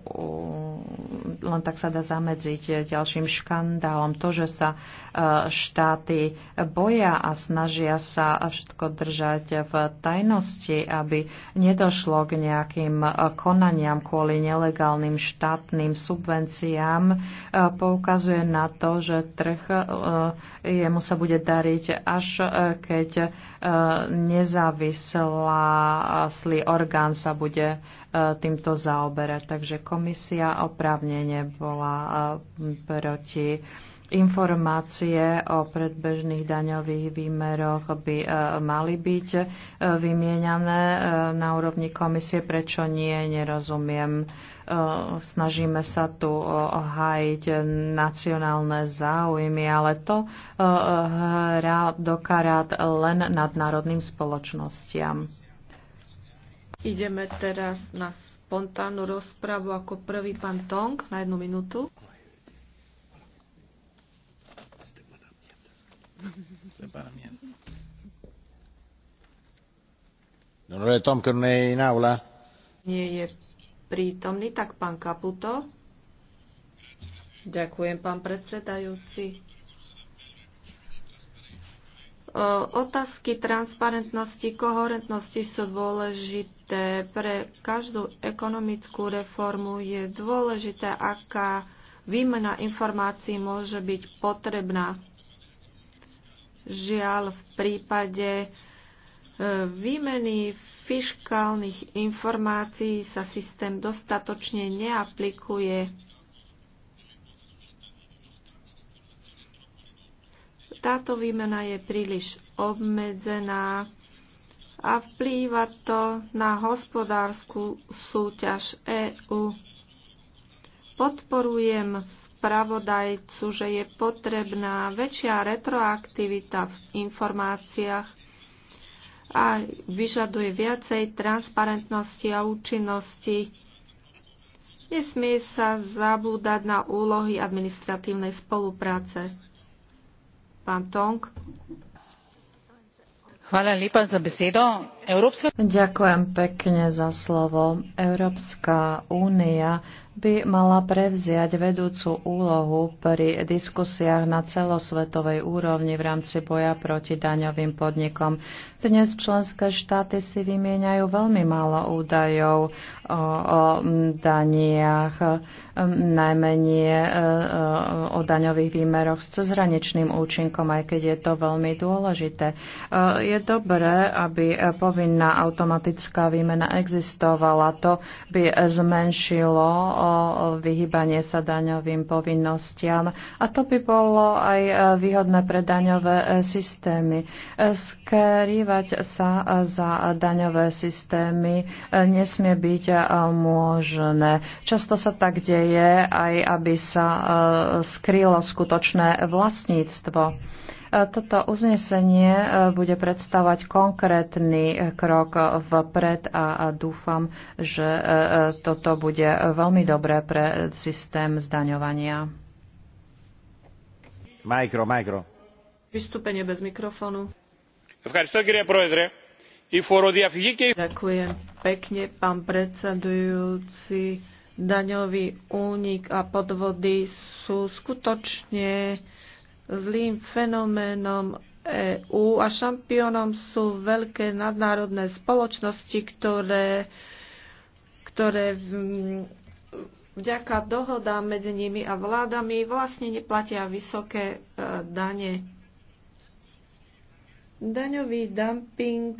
len tak sa dá zamedziť ďalším škandálom. To, že sa e, štáty boja a snažia sa všetko držať v tajnosti, aby nedošlo k nejakým e, konaniam kvôli nelegálnym štátnym subvenciám, e, poukazuje na to, že trh jemu sa bude dariť až keď nezávislá nezávislý orgán sa bude e, týmto zaoberať. Takže komisia oprávnene bola e, proti informácie o predbežných daňových výmeroch by e, mali byť vymieňané na úrovni komisie. Prečo nie, nerozumiem. Snažíme sa tu ohájiť nacionálne záujmy, ale to hrá do len nadnárodným spoločnostiam. Ideme teraz na spontánnu rozpravu ako prvý pán Tong na jednu minútu. non è in aula? Nie je prítomný, tak pán Kaputo. Ďakujem, pán predsedajúci. Otázky transparentnosti, koherentnosti sú dôležité. Pre každú ekonomickú reformu je dôležité, aká výmena informácií môže byť potrebná. Žiaľ, v prípade e, výmeny fiskálnych informácií sa systém dostatočne neaplikuje Táto výmena je príliš obmedzená a vplýva to na hospodárskú súťaž EÚ. Podporujem spravodajcu, že je potrebná väčšia retroaktivita v informáciách a vyžaduje viacej transparentnosti a účinnosti. Nesmie sa zabúdať na úlohy administratívnej spolupráce. Ďakujem pekne za slovo. Európska únia by mala prevziať vedúcu úlohu pri diskusiách na celosvetovej úrovni v rámci boja proti daňovým podnikom. Dnes členské štáty si vymieňajú veľmi málo údajov o, o daniach, najmenej e, e, o daňových výmeroch s cezhraničným účinkom, aj keď je to veľmi dôležité. E, je dobré, aby povinná automatická výmena existovala. To by zmenšilo o vyhybanie sa daňovým povinnostiam. A to by bolo aj e, výhodné pre daňové e, systémy. E, skrývať sa za daňové systémy nesmie byť možné. Často sa tak deje aj, aby sa skrylo skutočné vlastníctvo. Toto uznesenie e, bude predstavovať konkrétny e, krok vpred a dúfam, že e, toto bude veľmi dobré pre systém zdaňovania. Mikro, mikro. Vystúpenie bez mikrofónu. Ďakujem pekne, pán predsedujúci. Daňový únik a podvody sú skutočne zlým fenoménom EÚ a šampiónom sú veľké nadnárodné spoločnosti, ktoré, ktoré vďaka dohodám medzi nimi a vládami vlastne neplatia vysoké e, dane. Daňový dumping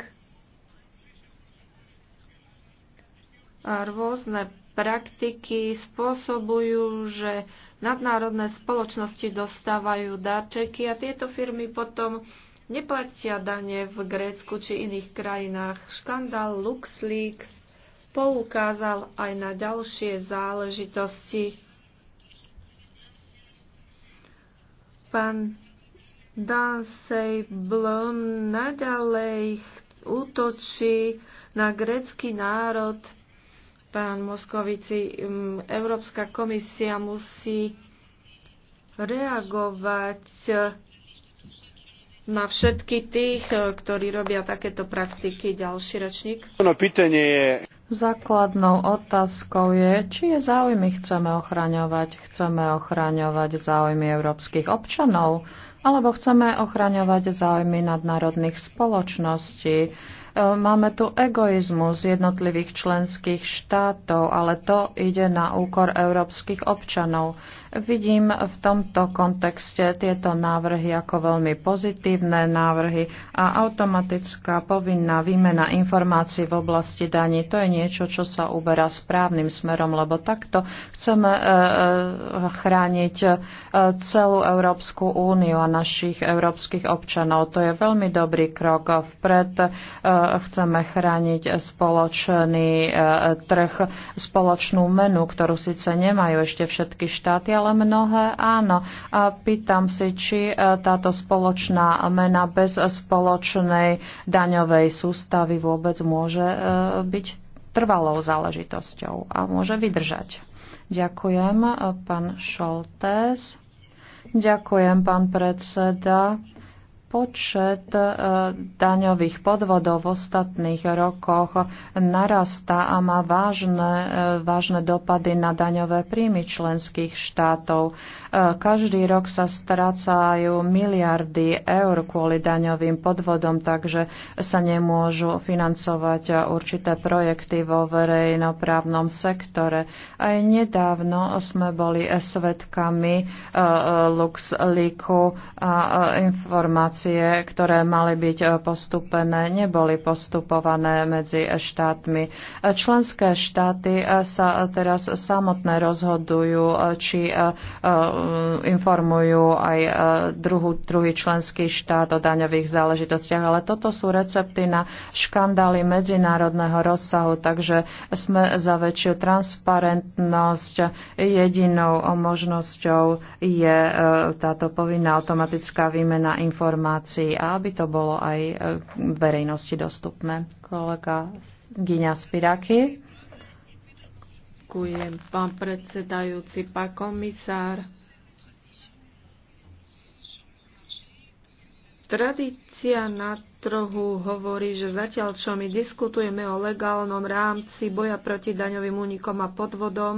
a rôzne praktiky spôsobujú, že nadnárodné spoločnosti dostávajú darčeky a tieto firmy potom neplatia dane v Grécku či iných krajinách. Škandál LuxLeaks poukázal aj na ďalšie záležitosti. Pán Dansej Blom naďalej útočí na grécky národ pán Moskovici, Európska komisia musí reagovať e, na všetky tých, e, ktorí robia takéto praktiky. Ďalší ročník. je... Základnou otázkou je, či je záujmy chceme ochraňovať. Chceme ochraňovať záujmy európskych občanov, alebo chceme ochraňovať záujmy nadnárodných spoločností E, máme tu egoizmus jednotlivých členských štátov, ale to ide na úkor európskych občanov. Vidím v tomto kontexte tieto návrhy ako veľmi pozitívne návrhy a automatická povinná výmena informácií v oblasti daní to je niečo, čo sa uberá správnym smerom, lebo takto chceme e, e, chrániť e, celú Európsku úniu a našich európskych občanov. To je veľmi dobrý krok vpred. Chceme chrániť spoločný trh, spoločnú menu, ktorú síce nemajú ešte všetky štáty, ale ale mnohé áno. A pýtam si, či e, táto spoločná mena bez spoločnej daňovej sústavy vôbec môže e, byť trvalou záležitosťou a môže vydržať. Ďakujem, e, pán Šoltés. Ďakujem, pán predseda počet e, daňových podvodov v ostatných rokoch narasta a má vážne, e, vážne dopady na daňové príjmy členských štátov. E, každý rok sa strácajú miliardy eur kvôli daňovým podvodom, takže sa nemôžu financovať určité projekty vo verejnoprávnom sektore. Aj nedávno sme boli svetkami e, e, LuxLeaku a informácie, ktoré mali byť postupené, neboli postupované medzi štátmi. Členské štáty sa teraz samotné rozhodujú, či Eh, informujú aj eh, druhú, druhý členský štát o daňových záležitostiach. Ale toto sú recepty na škandály medzinárodného rozsahu, takže sme za väčšiu transparentnosť. Jedinou možnosťou je eh, táto povinná automatická výmena informácií a aby to bolo aj verejnosti dostupné. Kolega Gíňa Spiraky. Ďakujem, pán predsedajúci, pán komisár. Tradícia na trhu hovorí, že zatiaľ čo my diskutujeme o legálnom rámci boja proti daňovým únikom a podvodom,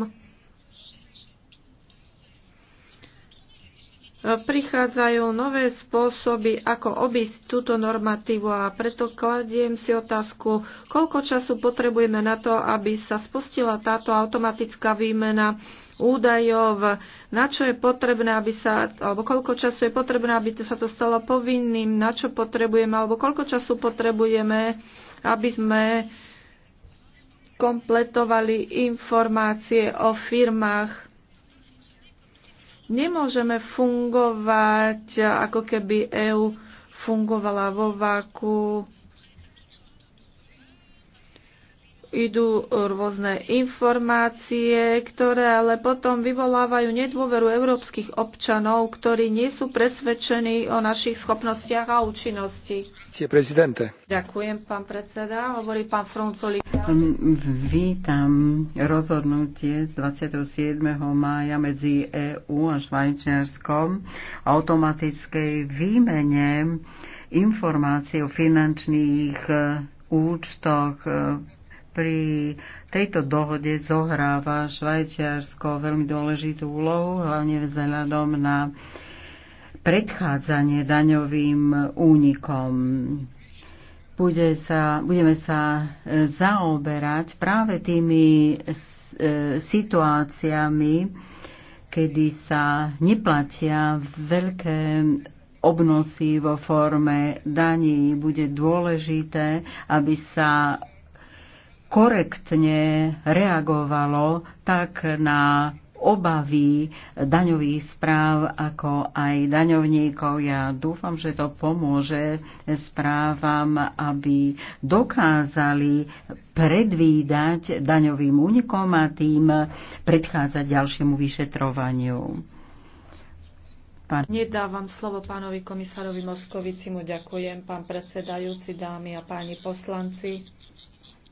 prichádzajú nové spôsoby, ako obísť túto normatívu a preto kladiem si otázku, koľko času potrebujeme na to, aby sa spustila táto automatická výmena údajov, na čo je potrebné, aby sa, alebo koľko času je potrebné, aby sa to stalo povinným, na čo potrebujeme, alebo koľko času potrebujeme, aby sme kompletovali informácie o firmách Nemôžeme fungovať, ako keby EÚ fungovala vo váku. Idú rôzne informácie, ktoré ale potom vyvolávajú nedôveru európskych občanov, ktorí nie sú presvedčení o našich schopnostiach a účinnosti. Ďakujem, pán predseda. Hovorí pán Fruncoli. Hm, vítam rozhodnutie z 27. mája medzi EÚ a Švajčiarskom o automatickej výmene informácií o finančných e, účtoch. E, pri tejto dohode zohráva Švajčiarsko veľmi dôležitú úlohu, hlavne vzhľadom na predchádzanie daňovým únikom bude sa, budeme sa e, zaoberať práve tými e, situáciami, kedy sa neplatia veľké obnosy vo forme daní. Bude dôležité, aby sa korektne reagovalo tak na obavy daňových správ ako aj daňovníkov. Ja dúfam, že to pomôže správam, aby dokázali predvídať daňovým únikom a tým predchádzať ďalšiemu vyšetrovaniu. Pán... Nedávam slovo pánovi komisárovi mu Ďakujem, pán predsedajúci, dámy a páni poslanci.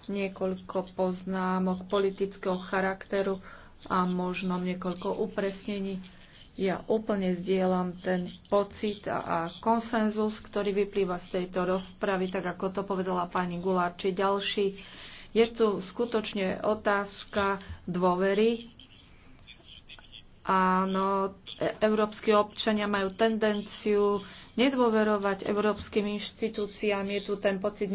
Niekoľko poznámok politického charakteru a možno niekoľko upresnení. Ja úplne zdieľam ten pocit a, a konsenzus, ktorý vyplýva z tejto rozpravy, tak ako to povedala pani Gulár, či ďalší. Je tu skutočne otázka dôvery. Áno, e, európsky občania majú tendenciu nedôverovať európskym inštitúciám. Je tu ten pocit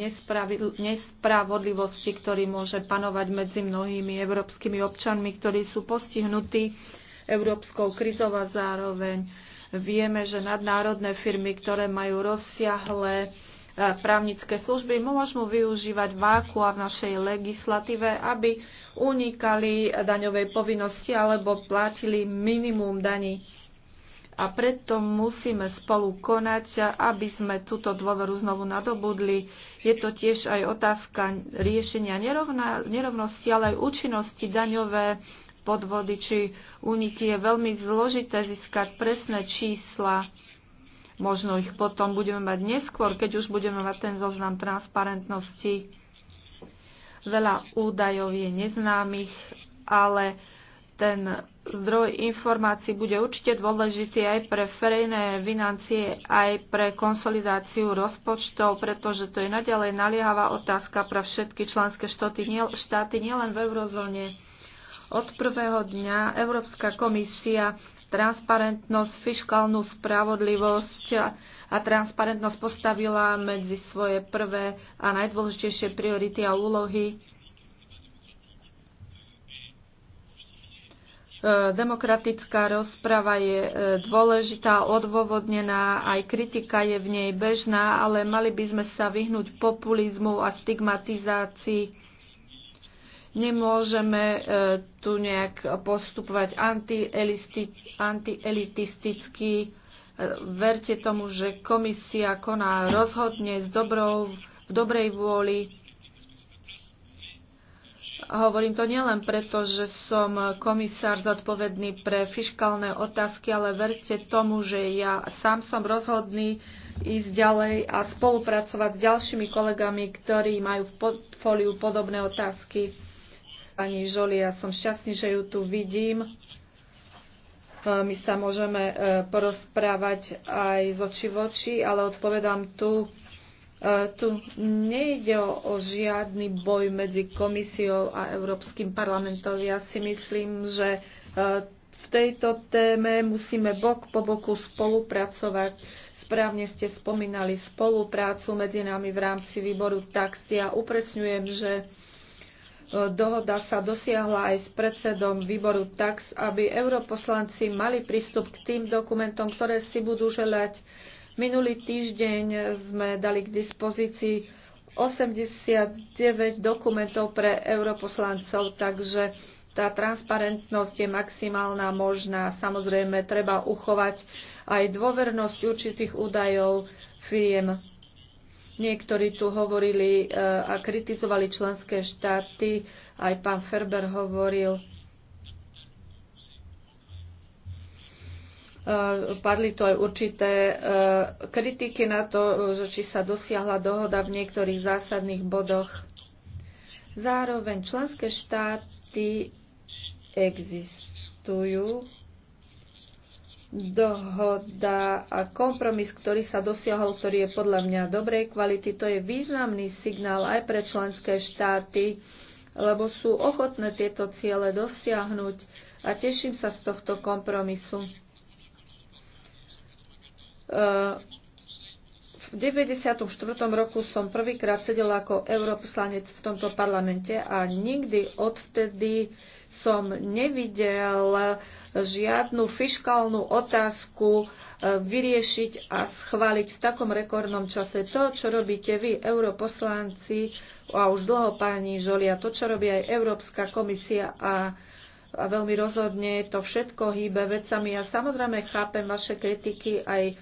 nespravodlivosti, ktorý môže panovať medzi mnohými európskymi občanmi, ktorí sú postihnutí európskou krizou a zároveň vieme, že nadnárodné firmy, ktoré majú rozsiahle e, právnické služby môžu využívať vákua v našej legislatíve, aby unikali daňovej povinnosti alebo platili minimum daní a preto musíme spolu konať, aby sme túto dôveru znovu nadobudli. Je to tiež aj otázka riešenia nerovna, nerovnosti, ale aj účinnosti daňové podvody či úniky. Je veľmi zložité získať presné čísla. Možno ich potom budeme mať neskôr, keď už budeme mať ten zoznam transparentnosti. Veľa údajov je neznámych, ale ten zdroj informácií bude určite dôležitý aj pre verejné financie, aj pre konsolidáciu rozpočtov, pretože to je naďalej naliehavá otázka pre všetky členské štáty, štáty nielen v eurozóne. Od prvého dňa Európska komisia transparentnosť, fiškálnu spravodlivosť a transparentnosť postavila medzi svoje prvé a najdôležitejšie priority a úlohy E, demokratická rozprava je e, dôležitá, odôvodnená, aj kritika je v nej bežná, ale mali by sme sa vyhnúť populizmu a stigmatizácii. Nemôžeme e, tu nejak postupovať antielitisticky. Verte tomu, že komisia koná rozhodne s dobrou, v dobrej vôli Hovorím to nielen preto, že som komisár zodpovedný pre fiskálne otázky, ale verte tomu, že ja sám som rozhodný ísť ďalej a spolupracovať s ďalšími kolegami, ktorí majú v portfóliu podobné otázky. Pani Žoli, ja som šťastný, že ju tu vidím. E, my sa môžeme e, porozprávať aj z oči v oči, ale odpovedám tu E, tu nejde o, o žiadny boj medzi komisiou a Európskym parlamentom. Ja si myslím, že e, v tejto téme musíme bok po boku spolupracovať. Správne ste spomínali spoluprácu medzi nami v rámci výboru tax. Ja upresňujem, že e, dohoda sa dosiahla aj s predsedom výboru tax, aby europoslanci mali prístup k tým dokumentom, ktoré si budú želať Minulý týždeň sme dali k dispozícii 89 dokumentov pre europoslancov, takže tá transparentnosť je maximálna možná. Samozrejme, treba uchovať aj dôvernosť určitých údajov firiem. Niektorí tu hovorili eh, a kritizovali členské štáty, aj pán Ferber hovoril Eh, padli tu aj určité eh, kritiky na to, eh, že či sa dosiahla dohoda v niektorých zásadných bodoch. Zároveň členské štáty existujú dohoda a kompromis, ktorý sa dosiahol, ktorý je podľa mňa dobrej kvality, to je významný signál aj pre členské štáty, lebo sú ochotné tieto ciele dosiahnuť a teším sa z tohto kompromisu. V 94. roku som prvýkrát sedela ako europoslanec v tomto parlamente a nikdy odvtedy som nevidel žiadnu fiškálnu otázku e, vyriešiť a schváliť v takom rekordnom čase. To, čo robíte vy, europoslanci, a už dlho pani Žolia, to, čo robí aj Európska komisia a a veľmi rozhodne to všetko hýbe vecami. Ja samozrejme chápem vaše kritiky aj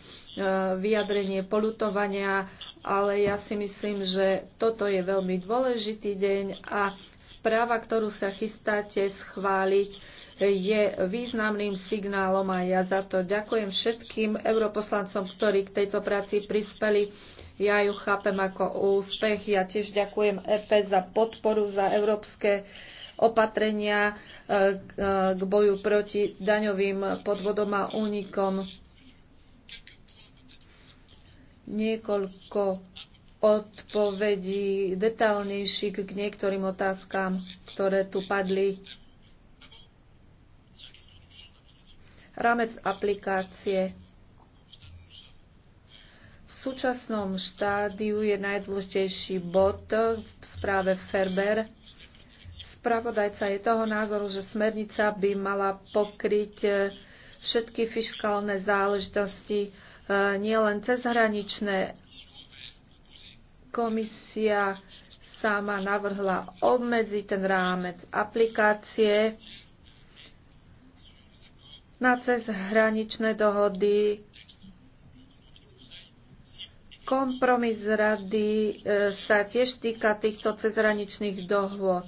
vyjadrenie polutovania, ale ja si myslím, že toto je veľmi dôležitý deň a správa, ktorú sa chystáte schváliť, je významným signálom a ja za to ďakujem všetkým europoslancom, ktorí k tejto práci prispeli. Ja ju chápem ako úspech. Ja tiež ďakujem EP za podporu, za európske opatrenia e, e, k boju proti daňovým podvodom a únikom. Niekoľko odpovedí detálnejších k niektorým otázkám, ktoré tu padli. Rámec aplikácie. V súčasnom štádiu je najdôležitejší bod v správe Ferber Spravodajca je toho názoru, že smernica by mala pokryť e, všetky fiškálne záležitosti, e, nielen cezhraničné. Komisia sama navrhla obmedziť ten rámec aplikácie na cezhraničné dohody kompromis rady e, sa tiež týka týchto cezhraničných dohôd.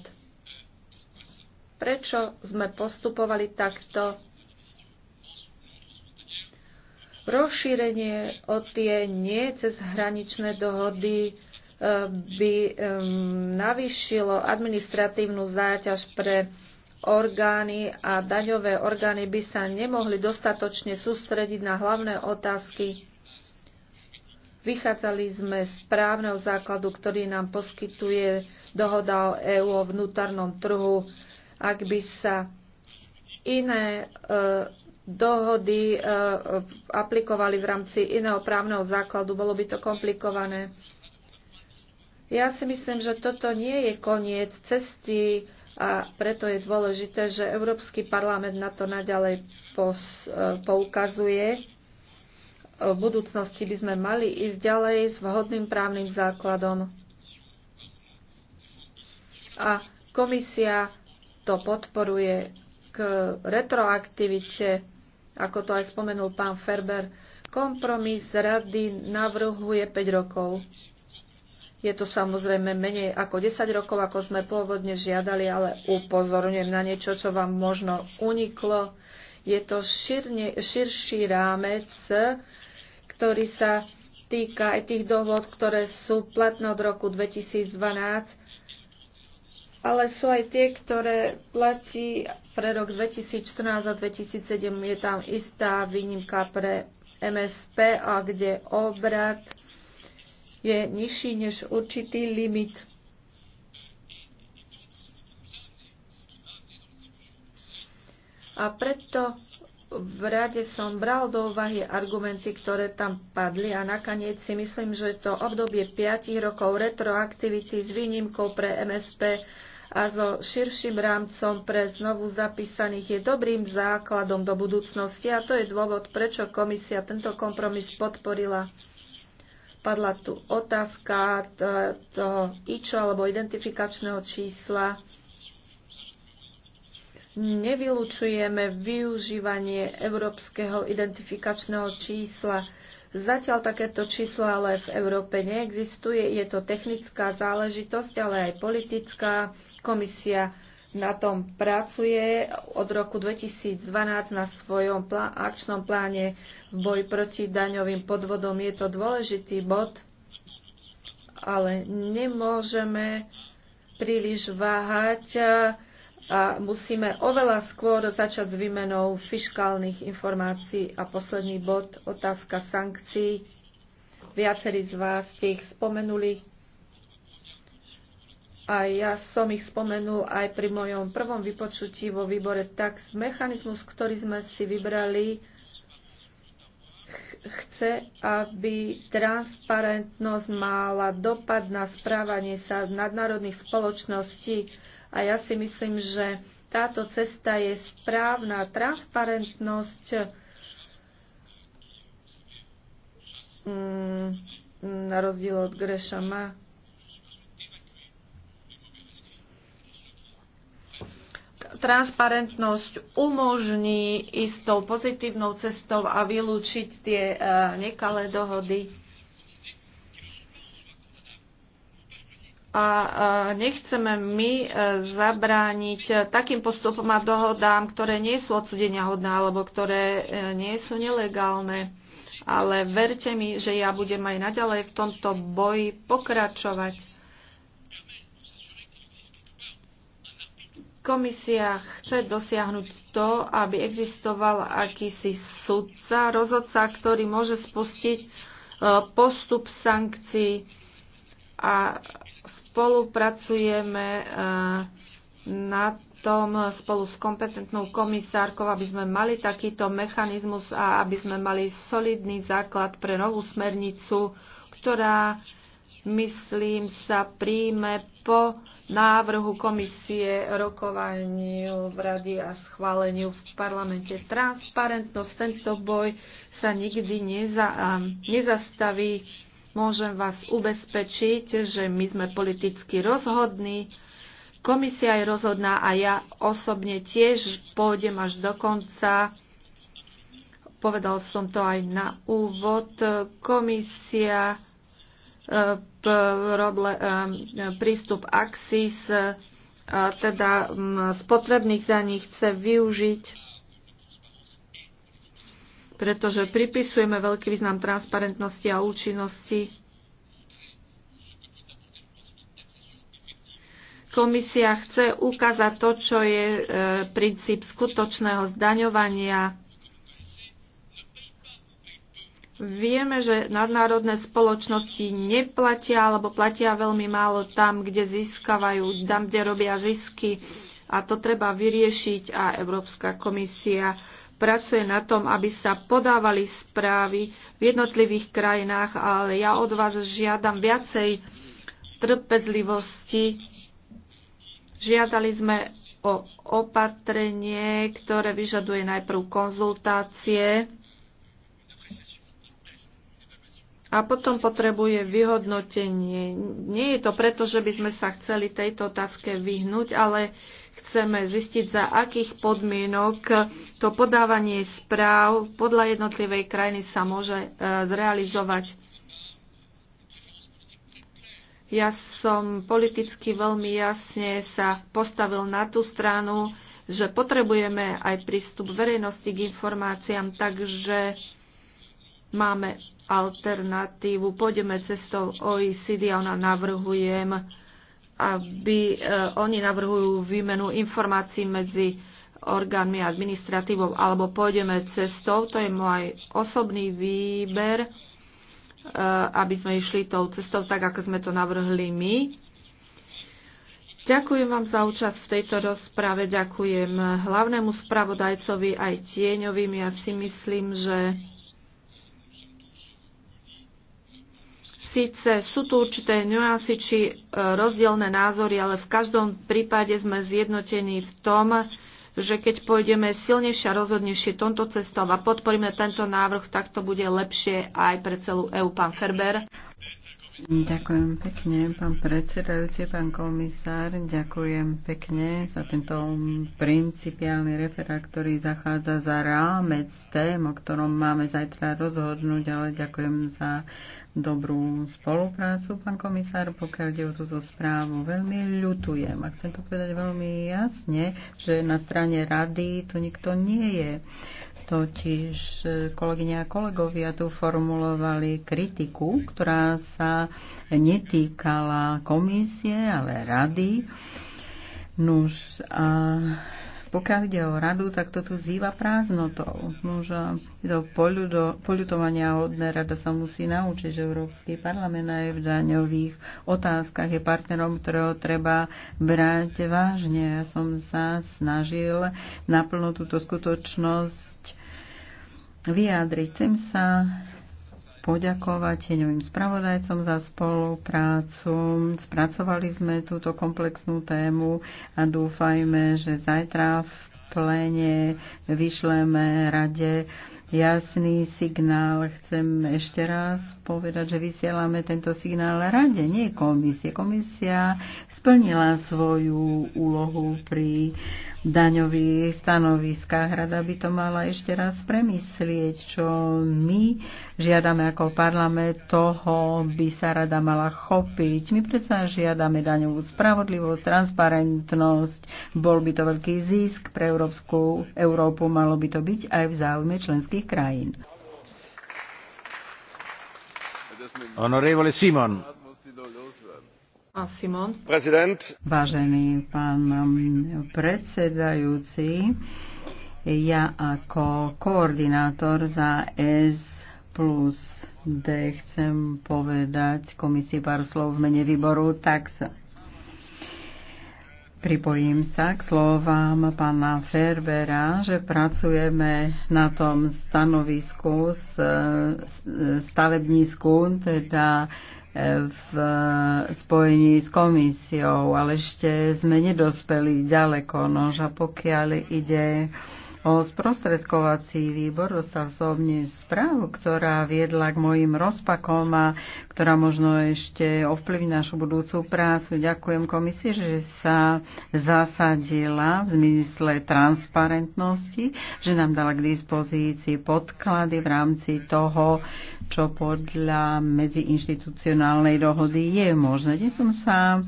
Prečo sme postupovali takto? Rozšírenie o tie nie cez hraničné dohody eh, by navýšilo administratívnu záťaž pre orgány a daňové orgány by sa nemohli dostatočne sústrediť na hlavné otázky. Vychádzali sme z právneho základu, ktorý nám poskytuje dohoda o EÚ o vnútornom trhu ak by sa iné e, dohody e, aplikovali v rámci iného právneho základu, bolo by to komplikované. Ja si myslím, že toto nie je koniec cesty a preto je dôležité, že Európsky parlament na to naďalej e, poukazuje. V budúcnosti by sme mali ísť ďalej s vhodným právnym základom. A komisia to podporuje k retroaktivite, ako to aj spomenul pán Ferber. Kompromis rady navrhuje 5 rokov. Je to samozrejme menej ako 10 rokov, ako sme pôvodne žiadali, ale upozorňujem na niečo, čo vám možno uniklo. Je to širne, širší rámec, ktorý sa týka aj tých dohod, ktoré sú platné od roku 2012 ale sú aj tie, ktoré platí pre rok 2014 a 2007. Je tam istá výnimka pre MSP a kde obrad je nižší než určitý limit. A preto v rade som bral do úvahy argumenty, ktoré tam padli a nakoniec si myslím, že to obdobie 5 rokov retroaktivity s výnimkou pre MSP a so širším rámcom pre znovu zapísaných je dobrým základom do budúcnosti a to je dôvod, prečo komisia tento kompromis podporila. Padla tu otázka toho IČO alebo identifikačného čísla. Nevylučujeme využívanie európskeho identifikačného čísla. Zatiaľ takéto číslo ale v Európe neexistuje. Je to technická záležitosť, ale aj politická Komisia na tom pracuje od roku 2012 na svojom akčnom pláne v boji proti daňovým podvodom. Je to dôležitý bod, ale nemôžeme príliš váhať a musíme oveľa skôr začať s výmenou fiškálnych informácií. A posledný bod, otázka sankcií. Viacerí z vás ste ich spomenuli a ja som ich spomenul aj pri mojom prvom vypočutí vo výbore tax. Mechanizmus, ktorý sme si vybrali, chce, aby transparentnosť mala dopad na správanie sa nadnárodných spoločností. A ja si myslím, že táto cesta je správna. Transparentnosť mm, na rozdiel od Grešama transparentnosť umožní istou pozitívnou cestou a vylúčiť tie e, nekalé dohody. A e, nechceme my e, zabrániť takým postupom a dohodám, ktoré nie sú odsudenia hodné alebo ktoré nie sú nelegálne. Ale verte mi, že ja budem aj naďalej v tomto boji pokračovať Komisia chce dosiahnuť to, aby existoval akýsi sudca, rozhodca, ktorý môže spustiť e, postup sankcií a spolupracujeme e, na tom spolu s kompetentnou komisárkou, aby sme mali takýto mechanizmus a aby sme mali solidný základ pre novú smernicu, ktorá myslím sa, príjme po návrhu komisie rokovaniu v rady a schváleniu v parlamente. Transparentnosť, tento boj sa nikdy neza, nezastaví. Môžem vás ubezpečiť, že my sme politicky rozhodní. Komisia je rozhodná a ja osobne tiež pôjdem až do konca. Povedal som to aj na úvod. Komisia E, prístup Axis, e, teda spotrebných daní chce využiť, pretože pripisujeme veľký význam transparentnosti a účinnosti. Komisia chce ukázať to, čo je e, princíp skutočného zdaňovania Vieme, že nadnárodné spoločnosti neplatia alebo platia veľmi málo tam, kde získavajú, tam, kde robia zisky a to treba vyriešiť a Európska komisia pracuje na tom, aby sa podávali správy v jednotlivých krajinách, ale ja od vás žiadam viacej trpezlivosti. Žiadali sme o opatrenie, ktoré vyžaduje najprv konzultácie a potom potrebuje vyhodnotenie. Nie je to preto, že by sme sa chceli tejto otázke vyhnúť, ale chceme zistiť, za akých podmienok to podávanie správ podľa jednotlivej krajiny sa môže e, zrealizovať. Ja som politicky veľmi jasne sa postavil na tú stranu, že potrebujeme aj prístup verejnosti k informáciám, takže Máme alternatívu, pôjdeme cestou OECD a ona navrhujem, aby e, oni navrhujú výmenu informácií medzi orgánmi a administratívou, alebo pôjdeme cestou, to je môj osobný výber, e, aby sme išli tou cestou tak, ako sme to navrhli my. Ďakujem vám za účasť v tejto rozprave, ďakujem hlavnému spravodajcovi aj tieňovým. Ja si myslím, že Sice sú tu určité nuancy či e, rozdielne názory, ale v každom prípade sme zjednotení v tom, že keď pôjdeme silnejšie a rozhodnejšie tomto cestou a podporíme tento návrh, tak to bude lepšie aj pre celú EU. Pán Ferber. Ďakujem pekne, pán predsedajúci, pán komisár. Ďakujem pekne za tento principiálny referát, ktorý zachádza za rámec tém, o ktorom máme zajtra rozhodnúť, ale ďakujem za dobrú spoluprácu, pán komisár, pokiaľ ide o túto správu. Veľmi ľutujem a chcem to povedať veľmi jasne, že na strane rady to nikto nie je Totiž e, kolegyňa a kolegovia tu formulovali kritiku, ktorá sa netýkala komisie, ale rady. Nuž a pokiaľ ide o radu, tak to tu zýva prázdnotou. Nuž a poľudo, poľutovania hodné rada sa musí naučiť, že Európsky parlament aj v daňových otázkach je partnerom, ktorého treba brať vážne. Ja som sa snažil naplno túto skutočnosť vyjadriť. Chcem sa poďakovať tieňovým spravodajcom za spoluprácu. Spracovali sme túto komplexnú tému a dúfajme, že zajtra v pléne vyšleme rade jasný signál. Chcem ešte raz povedať, že vysielame tento signál rade, nie komisie. Komisia splnila svoju úlohu pri uh, daňových stanoviskách. Rada by to mala ešte raz premyslieť, čo my žiadame ako parlament, toho by sa rada mala chopiť. My predsa žiadame daňovú spravodlivosť, transparentnosť, bol by to veľký zisk pre Európsku Európu, malo by to byť aj v záujme členských krajín. Honorevole Simon. Vážený pán predsedajúci, ja ako koordinátor za S plus D chcem povedať komisii pár slov v mene výboru tax. Pripojím sa k slovám pána Ferbera, že pracujeme na tom stanovisku z stavebnísku, teda v spojení s komisiou, ale ešte sme nedospeli ďaleko. Nož a pokiaľ ide o sprostredkovací výbor. Dostal som dnes správu, ktorá viedla k mojim rozpakom a ktorá možno ešte ovplyvní našu budúcu prácu. Ďakujem komisii, že sa zasadila v zmysle transparentnosti, že nám dala k dispozícii podklady v rámci toho, čo podľa medziinstitucionálnej dohody je možné. Dnes som sa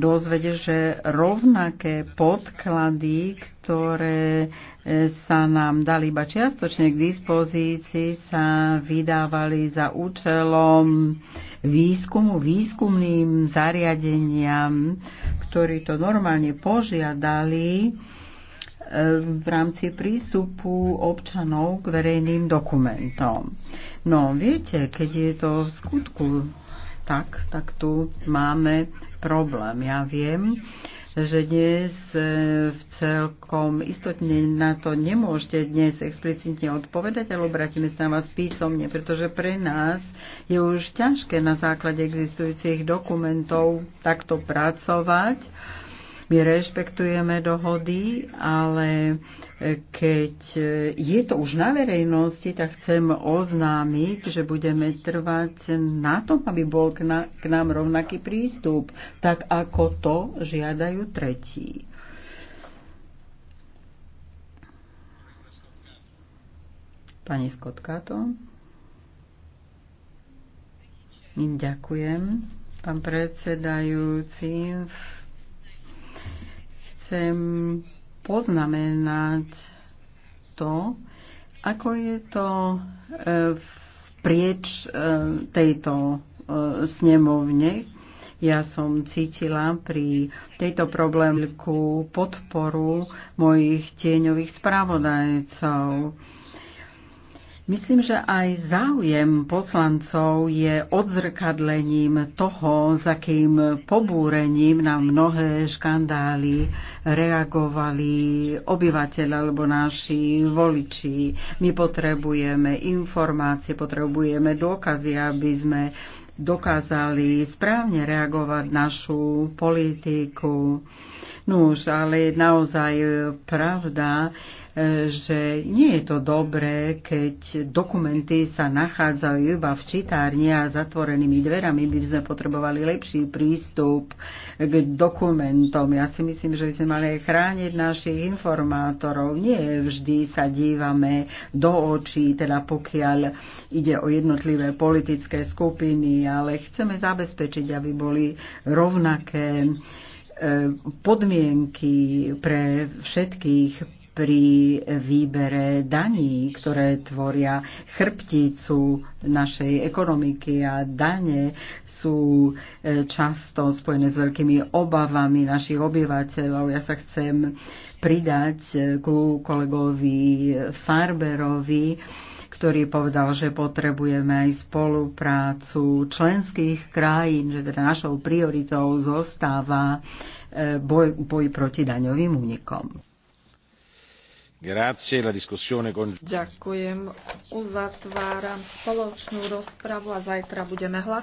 dozvede, že rovnaké podklady, ktoré e, sa nám dali iba čiastočne k dispozícii, sa vydávali za účelom výskumu, výskumným zariadeniam, ktorí to normálne požiadali e, v rámci prístupu občanov k verejným dokumentom. No viete, keď je to v skutku tak, tak tu máme problém. Ja viem, že dnes e, v celkom istotne na to nemôžete dnes explicitne odpovedať, ale obratíme sa na vás písomne, pretože pre nás je už ťažké na základe existujúcich dokumentov takto pracovať my rešpektujeme dohody, ale e, keď e, je to už na verejnosti, tak chcem oznámiť, že budeme trvať na tom, aby bol k, na, k nám rovnaký prístup, tak ako to žiadajú tretí. Pani Skotkáto. Ďakujem, pán predsedajúci chcem poznamenať to, ako je to e, v prieč e, tejto e, snemovne. Ja som cítila pri tejto problémku podporu mojich tieňových spravodajcov Myslím, že aj záujem poslancov je odzrkadlením toho, s akým pobúrením na mnohé škandály reagovali obyvateľe alebo naši voliči. My potrebujeme informácie, potrebujeme dôkazy, aby sme dokázali správne reagovať našu politiku. Nuž, ale naozaj pravda, že nie je to dobré, keď dokumenty sa nachádzajú iba v čítárni a zatvorenými dverami by sme potrebovali lepší prístup k dokumentom. Ja si myslím, že by sme mali chrániť našich informátorov. Nie vždy sa dívame do očí, teda pokiaľ ide o jednotlivé politické skupiny, ale chceme zabezpečiť, aby boli rovnaké eh, podmienky pre všetkých pri výbere daní, ktoré tvoria chrbticu našej ekonomiky a dane sú e, často spojené s veľkými obavami našich obyvateľov. Ja sa chcem pridať e, ku kolegovi Farberovi, ktorý povedal, že potrebujeme aj spoluprácu členských krajín, že teda našou prioritou zostáva e, boj, boj proti daňovým únikom. Grazie, la discussione con... Ďakujem. Uzatváram spoločnú rozpravu a zajtra budeme hlasovať.